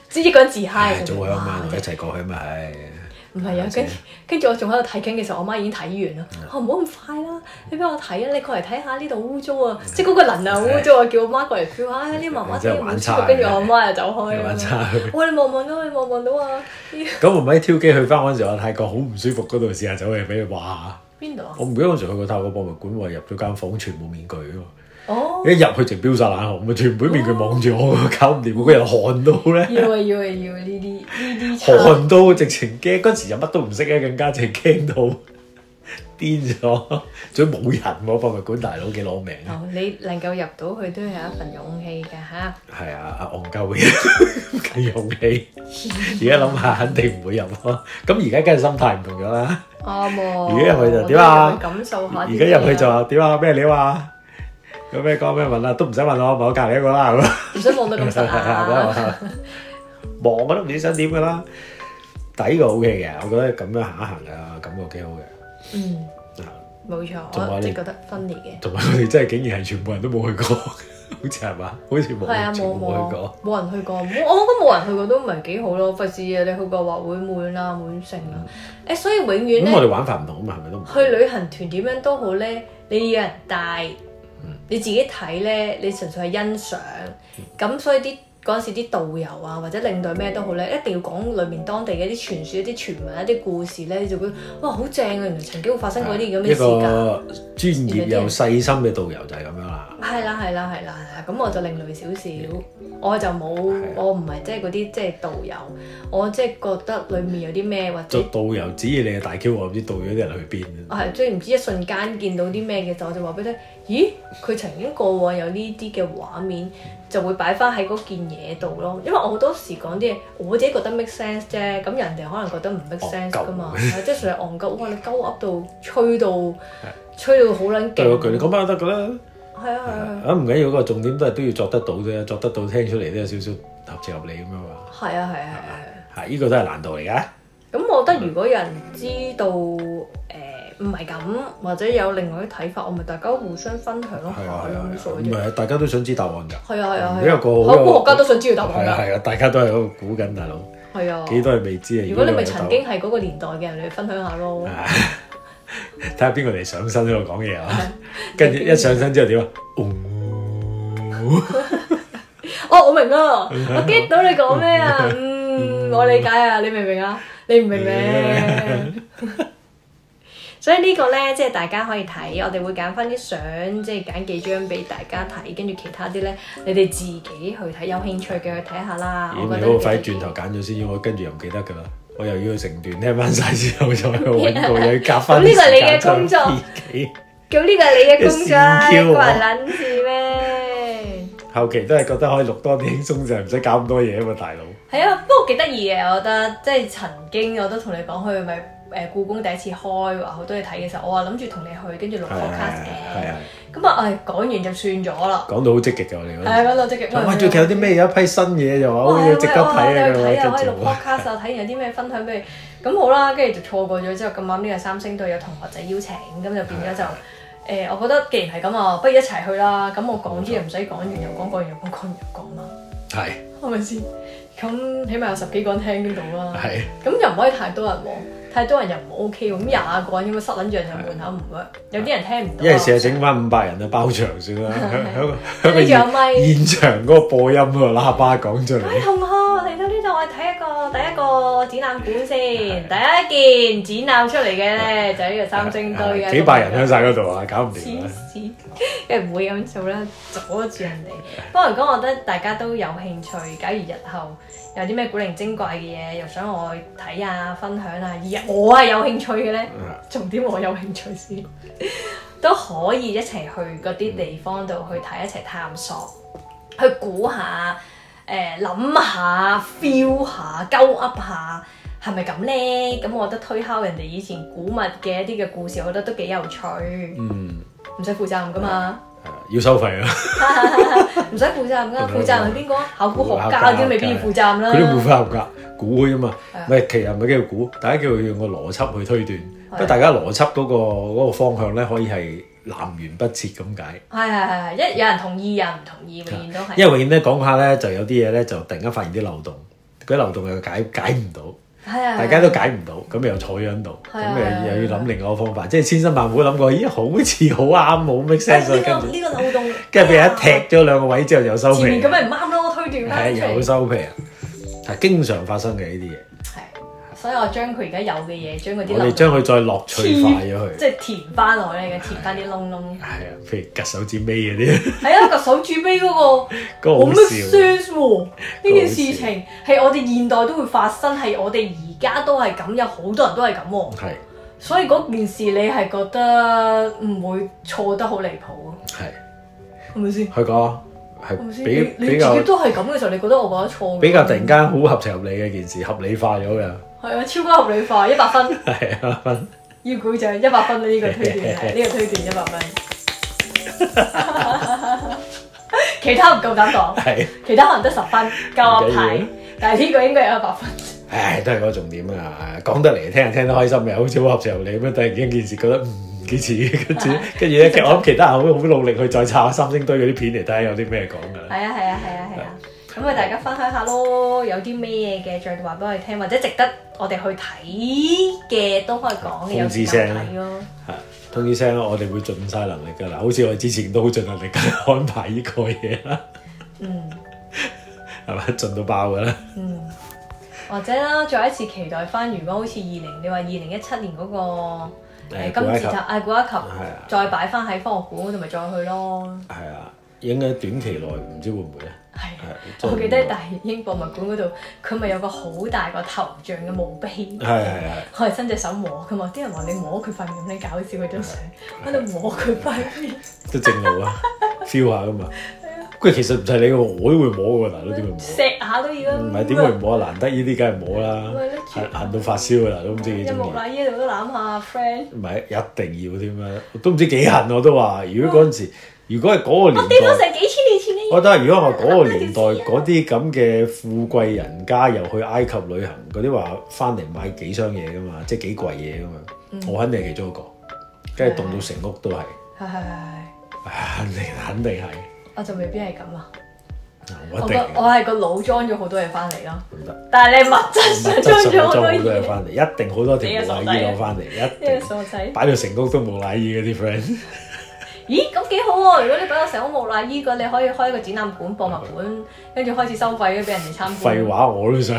Speaker 1: 自己一個人自嗨。同我阿媽
Speaker 2: 一齊過去咪係。
Speaker 1: 唔係啊，跟跟住我仲喺度睇緊嘅時候，我媽已經睇完啦。我唔好咁快啦，你俾我睇啊，你過嚟睇下呢度污糟啊，即係嗰個能量污糟啊，叫我媽過嚟 feel 下。呢媽媽真係唔差，跟住我媽又走開。我你望望到，你望望
Speaker 2: 到啊！咁唔係跳機去翻嗰陣時，我泰國好唔舒服，嗰度試下走去俾佢話下。邊度啊？我唔記得嗰陣去過泰國博物館，話入咗間房，全部面具喎。哦、一入去就飆晒冷汗，咪全本面佢望住我，哦、搞唔掂嗰日寒到咧、啊。要啊要啊要呢啲呢啲。寒到直情驚，嗰時又乜都唔識咧，更加直驚到癲咗，仲要冇人喎，博物館大佬，幾攞命。
Speaker 1: 你能夠入
Speaker 2: 到去都係一份勇氣㗎吓？係啊，阿戇鳩嘅勇氣。
Speaker 1: 而家諗
Speaker 2: 下肯定唔會入咯。咁而家梗係心態唔同咗啦。
Speaker 1: 啱喎、嗯。而家入去就點啊？感受下。而家入去就話
Speaker 2: 點啊？咩料 啊？有咩講咩問啊？都唔使問我，問我隔籬一個啦。唔使望到
Speaker 1: 咁怕。
Speaker 2: 忙我都唔知想點噶啦。抵個好嘅嘅，我覺得咁樣行一行啊，感覺幾好嘅。嗯。啊，冇錯，我即係覺得 funny 嘅。
Speaker 1: 同埋
Speaker 2: 我哋真係竟然係全部人都冇去過，好似係嘛？好似冇冇冇去過。冇人
Speaker 1: 去過，我我覺得冇人去過都唔係幾好咯。費事你去過話會悶啦，滿城啦。誒，所以永遠咧，咁我哋玩法
Speaker 2: 唔同啊嘛，係咪都？去
Speaker 1: 旅行團點樣都好咧，你要人帶。你自己睇咧，你純粹係欣賞，咁所以啲嗰陣時啲導遊啊或者領隊咩都好咧，一定要講裏面當地嘅啲傳説、一啲傳聞、一啲故事咧，你就會哇好正啊！原來曾經會發生過啲咁嘅事。一個
Speaker 2: 專業又細心嘅導遊就係咁樣
Speaker 1: 啦。係啦係啦係啦，咁我就另類少少，我就冇的我唔係即係嗰啲即係導遊，我即係覺得裏面有啲咩或者做
Speaker 2: 導遊指引你嘅大橋，我唔知到咗啲人去邊。
Speaker 1: 我係即唔知一瞬間見到啲咩嘅時候，我就話俾你。咦，佢曾經過往有呢啲嘅畫面就會擺翻喺嗰件嘢度咯。因為我好多時講啲嘢，我自己覺得 make sense 啫，咁人哋可能覺得唔 make sense 噶嘛，夠啊、即係成日戇鳩。哇！你鳩噏到，吹到，吹是到好撚勁。巨巨，你講翻得㗎啦。係啊。啊。咁
Speaker 2: 唔緊要，個重點都係都要作得到啫，作得到聽出嚟都有少少合情合理咁啊嘛。係啊係啊係啊。係，呢個都係難度嚟㗎。咁、
Speaker 1: 啊、我覺得如果有人知道，誒、呃。唔係咁，或者有另外啲睇法，我咪大家互相分享咯。係啊係
Speaker 2: 啊，唔係大家都想知答案㗎。係啊
Speaker 1: 係啊係，考古學家都想知道答案㗎。係啊
Speaker 2: 係啊，大家都係喺度估緊，大佬。係啊，幾多係未知啊？如果你咪曾經
Speaker 1: 係嗰個年代嘅人，
Speaker 2: 你分享下咯。睇下邊個嚟上身喺度講嘢啊！跟住一上身之後點啊？哦，我明啊，我 get 到你講咩啊？嗯，
Speaker 1: 我理解啊，你明唔明啊？你唔明咩？所以呢個咧，即係大家可以睇，我哋會揀翻啲相，即係揀幾張俾大家睇，跟住其他啲咧，你哋自己去睇，有興趣嘅去睇下啦。如果唔好快轉
Speaker 2: 頭揀咗先，我跟住又唔記得噶啦，我又要去成段聽翻曬之後。咁呢個係你嘅工作。自己？咁呢個係你嘅工作。
Speaker 1: 一個人諗住咩？
Speaker 2: 後期都係覺得可以錄多啲輕鬆就唔使搞咁多嘢啊嘛，大佬。係
Speaker 1: 啊，不過幾得意嘅，我覺得，即係曾經我都同你講佢係咪誒，故宮第一次開話好多嘢睇嘅時候，我話諗住同你去，跟住錄 podcast 嘅，咁啊，誒講完就算咗啦。
Speaker 2: 講到好積極㗎，我哋覺得。係
Speaker 1: 講到積極。喂，最近
Speaker 2: 有啲咩，有一批新嘢又話好似值得睇嘅喎。可以錄 podcast
Speaker 1: 啊，睇完有啲咩分享俾你。咁好啦，跟住就錯過咗。之後咁啱呢個三星堆有同學仔邀請，咁就變咗就誒，我覺得既然係咁啊，不如一齊去啦。咁我講啲嘢唔使講完又講，講完又講，講完又講啦。係。係咪先？咁起碼有十幾個人聽得到啦。係。咁又唔可以太多人喎。太多人又唔 OK 喎、啊，咁廿個人咁、啊、樣、啊啊、塞撚住喺門口唔會的，有啲人聽唔到。即係
Speaker 2: 成日整翻五百人啊包場先啦，跟住有麥現場嗰個播音喎喇叭講出嚟。各位、哎、
Speaker 1: 同學嚟到呢度，我哋睇一個第一個展覽館先，的第一件展覽出嚟嘅咧就係呢個三星堆嘅。幾百人喺
Speaker 2: 晒嗰度啊，搞唔掂。因
Speaker 1: 為唔會咁做啦，阻住人哋。不過 如果我覺得大家都有興趣。假如日後。有啲咩古靈精怪嘅嘢，又想我睇下、啊、分享啊，而我係有興趣嘅咧。嗯、重點我有興趣先， 都可以一齊去嗰啲地方度去睇一齊探索，去估下、誒、呃、諗下、feel、嗯、下、鳩噏下，係咪咁咧？咁我覺得推敲人哋以前古物嘅一啲嘅故事，我覺得都幾有趣。
Speaker 2: 嗯，
Speaker 1: 唔使負責任㗎嘛。嗯要收費啊！唔使負責任啊！負責任係邊個啊？考古學家啊，佢未必要負責任
Speaker 2: 啦。佢都冇考古學家，估啫嘛。唔 是、啊、其實唔係叫估，大家叫用個邏輯去推斷。不過 是、啊、大家邏輯嗰個方向咧，可以係南轅北轍咁解。係
Speaker 1: 係係，一、 啊、有人同意有人唔同意，永遠
Speaker 2: 都係、啊。因為永遠咧講下咧，就有啲嘢咧就突然間發現啲漏洞，嗰啲漏洞又解解唔到。係啊！大家都解唔到，咁又坐喺度，咁誒 又要諗另外一個方法， 即係千辛萬苦諗過，咦好似好啱，冇乜 sense 呢個漏洞，跟住俾人踢咗兩個位之後又收皮，咁
Speaker 1: 咪唔啱咯？我推斷啦，係又好收
Speaker 2: 皮啊！係 經常發生嘅呢啲嘢。所以我將佢而家有嘅嘢，將嗰啲我哋將佢再樂趣化咗佢，即
Speaker 1: 係填翻落嚟嘅，填翻啲窿窿。係
Speaker 2: 啊，譬如夾手指尾嗰啲。
Speaker 1: 係啊，夾手指尾嗰個冇咩 sense 喎。呢件事情係我哋現代都會發生，係我哋而家都係咁，有好多人都係咁喎。係。所以嗰件事你係覺得唔會錯得好離譜啊？
Speaker 2: 係。係咪先？係噶。係咪先？你你自己都
Speaker 1: 係咁嘅時候，你覺得我覺得錯？比
Speaker 2: 較突然間好合情合理嘅件事，合理化咗嘅。
Speaker 1: 係啊，超級合理化，一百分。係一百分。要鼓掌，一百分呢？呢個推斷係，呢個推斷一百分。分分 其他唔夠膽講。係。 其他可能
Speaker 2: 得十分，夠我睇。但係呢個應該有一百分。唉、哎，都係個重點啊！講得嚟，聽人聽得開心嘅，好似好合情合理咁樣。突然間件事覺得唔幾似，跟住跟住咧，practice, 我諗其他人好好努力去再拆下三星堆嗰啲片嚟睇下有啲咩講㗎。係
Speaker 1: 啊，係 啊，係對啊， entrance 啊，係啊。咁咪大家分享下咯，有啲咩嘅再話俾佢聽，或者值得我哋去睇嘅都可以講嘅，有冇得睇咯？通知聲，
Speaker 2: 通知聲咯，我哋會盡晒能力噶啦，好似我之前都好盡能力安排呢個嘢啦。嗯，係咪 盡到爆噶啦？嗯，
Speaker 1: 或者啦，再一次期待翻，如果好似二零，你話二零一七年嗰個
Speaker 2: 今次就鶴、埃、啊、古拉鶴、啊，
Speaker 1: 再擺翻喺科學館嗰度，咪再去咯？係啊。
Speaker 2: 影該短期內唔知會唔會咧？係，我記得
Speaker 1: 大英博物館嗰度，佢咪有個好大個頭像嘅墓碑。係係係。我係伸隻手摸佢嘛，啲人話你摸佢塊面咁，你搞笑佢張相，喺度摸佢塊面。
Speaker 2: 都正路啊，feel 下㗎嘛。係啊。佢其實唔係你喎，我都會摸嘅嗱，都點會唔摸？錫
Speaker 1: 下都要。唔係點會唔摸啊？難得
Speaker 2: 呢啲梗係摸啦，痕痕到發燒㗎啦，都唔知幾鍾意。有木
Speaker 1: 乃伊度都攬下 friend。
Speaker 2: 唔係一定要添啊，都唔知幾痕我都話，如果嗰陣時。如果係嗰個年代，我都
Speaker 1: 係。幾千年
Speaker 2: 前嘅嘢。我都係。如果我嗰個年代嗰啲咁嘅富貴人家又去埃及旅行，嗰啲話翻嚟買幾箱嘢噶嘛，即係幾貴嘢咁樣。我肯定係其中一個，跟住凍到成屋都係。係係係肯定肯定係。我
Speaker 1: 就未必係咁啊！
Speaker 2: 我我係個腦裝
Speaker 1: 咗好多嘢翻嚟咯。但係你物質上裝咗好多嘢
Speaker 2: 翻嚟，一定好多條木乃伊攞翻嚟，一
Speaker 1: 定擺
Speaker 2: 到成屋都木乃伊嗰啲 friend。咦，咁幾好喎、啊！如果你擺到成屋木乃伊，嗰你可以開一個展覽館、博物館，跟住開始收費咧，俾人哋參觀。廢話，我都想。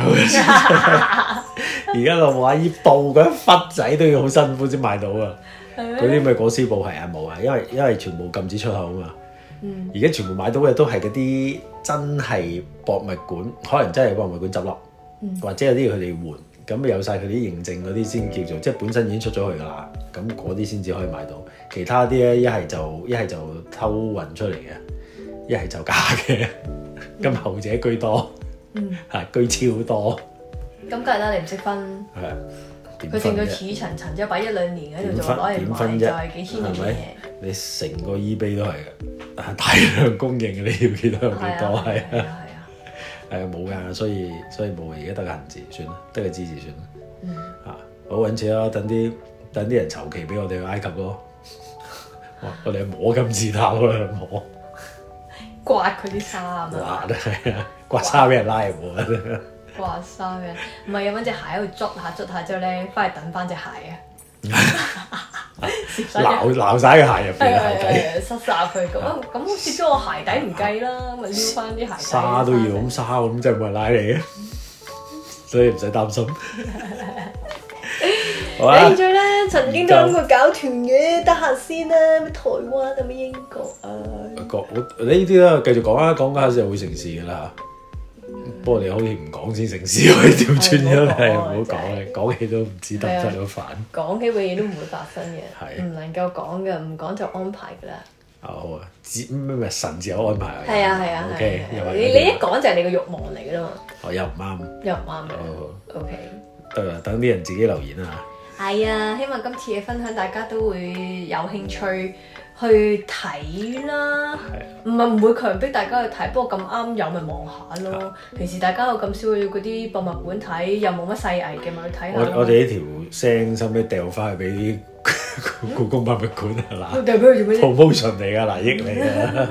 Speaker 2: 而家個木乃伊布嗰一忽仔都要好辛苦先買到啊！嗰啲咩裹屍布係啊？冇啊，因為因為全部禁止出口啊嘛。嗯。而家全部買到嘅都係嗰啲真係博物館，可能真係博物館執笠，嗯、或者有啲佢哋換。咁咪有晒佢啲認證嗰啲先叫做，即係本身已經出咗去㗎喇，咁嗰啲先至可以買到，其他啲咧一係就一係就偷運出嚟嘅，一係就假嘅，咁 後者居多，嚇、嗯、居超多。咁梗
Speaker 1: 係啦，你唔識分，
Speaker 2: 佢成個似
Speaker 1: 層層之後擺一兩年喺度就攞嚟賣，就係幾千
Speaker 2: 蚊嘢。你成個 eBay 都係嘅，係、啊、大量供應，你要幾多有幾多，係啊。誒冇嘅，所以所以冇而家得個行字算啦，得個字字算啦。嗯、啊，好揾錢啦，等啲等啲人籌期俾我哋去埃及咯。 我哋摸金字塔啦，摸
Speaker 1: 刮佢啲衫。哇啊
Speaker 2: 刮都係衫俾人拉入去啊！刮
Speaker 1: 沙嘅，唔係有揾隻鞋喺度捉下捉下之後咧，翻嚟等翻隻鞋啊！ 撈
Speaker 2: 撈晒個鞋入邊嘅鞋底，塞
Speaker 1: 晒佢咁咁，切咗我鞋底唔計啦，咪撩翻啲鞋底。
Speaker 2: 沙都要咁沙咁，真係冇人拉你嘅，所以唔使擔心。誒，最
Speaker 1: 咧曾經都諗過搞團嘅，得閒先啦，咩台灣啊，咩英
Speaker 2: 國啊，各呢啲咧繼續講啦。講下就會成事嘅啦不過，你好似唔講先成事可以點轉咗？係唔好講咧，講起都唔知得失咗反
Speaker 1: 講起，永遠都唔會發生嘅，唔能夠講嘅，唔講就安排㗎啦。哦，
Speaker 2: 好啊，自咩咩神自有安排係啊係啊，O K。你你一
Speaker 1: 講就係你個欲望嚟㗎
Speaker 2: 嘛？又唔啱，
Speaker 1: 又唔啱
Speaker 2: ，O K。得啦，等啲人自己留言啊。
Speaker 1: 係啊，希望今次嘅分享，大家都會有興趣。去睇啦，唔係唔會強迫大家去睇，不過咁啱有咪望下咯。平時大家又咁少去嗰啲博物館睇，又冇乜細藝嘅，咪去睇下。我哋呢
Speaker 2: 條聲收尾掉翻去俾故宮博物館係嘛？
Speaker 1: 掉俾佢做咩
Speaker 2: ？promotion 嚟㗎嗱，益你㗎。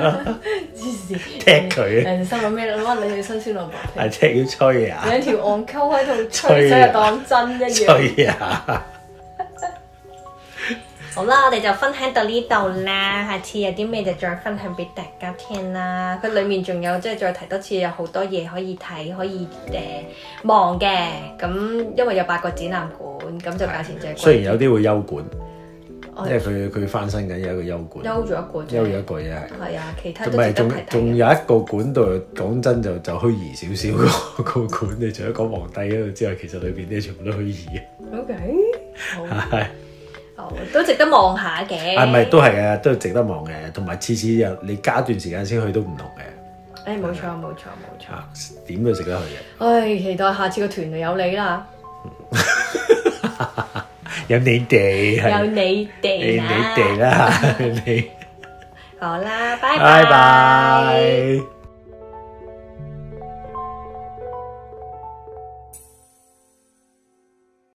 Speaker 2: 黐線！踢佢！人哋心
Speaker 1: 諗咩？乜你去新
Speaker 2: 鮮蘿蔔？係踢要吹啊！兩
Speaker 1: 條岸溝喺度吹，真係當真一樣。好啦，我哋就分享到呢度啦。下次有啲咩就再分享俾大家聽啦。佢裏面仲有即係再提多次，有好多嘢可以睇，可以誒望嘅。咁、呃、因為有八個展覽館，咁就價錢最雖然有
Speaker 2: 啲會休館，即係佢佢翻新緊有一個休館，
Speaker 1: 休咗一、就是、一,一個，休
Speaker 2: 咗一個嘢。係啊，其他唔係仲仲有一個館度，講真就就虛擬少少、那個 個館。你除咗講皇帝嗰度之外，其實裏邊啲全部都虛擬 OK，係好。
Speaker 1: 都值得望下嘅，係咪都
Speaker 2: 係啊？都，都值得望嘅。同埋次次有你加段時間先去都唔同嘅。誒、
Speaker 1: 欸，冇錯冇錯冇
Speaker 2: 錯。點的、啊、都值得去嘅。
Speaker 1: 唉、哎，期待下次個團就有你啦。
Speaker 2: 有你哋地有你哋，你哋啦。 你。
Speaker 1: 好啦，拜拜。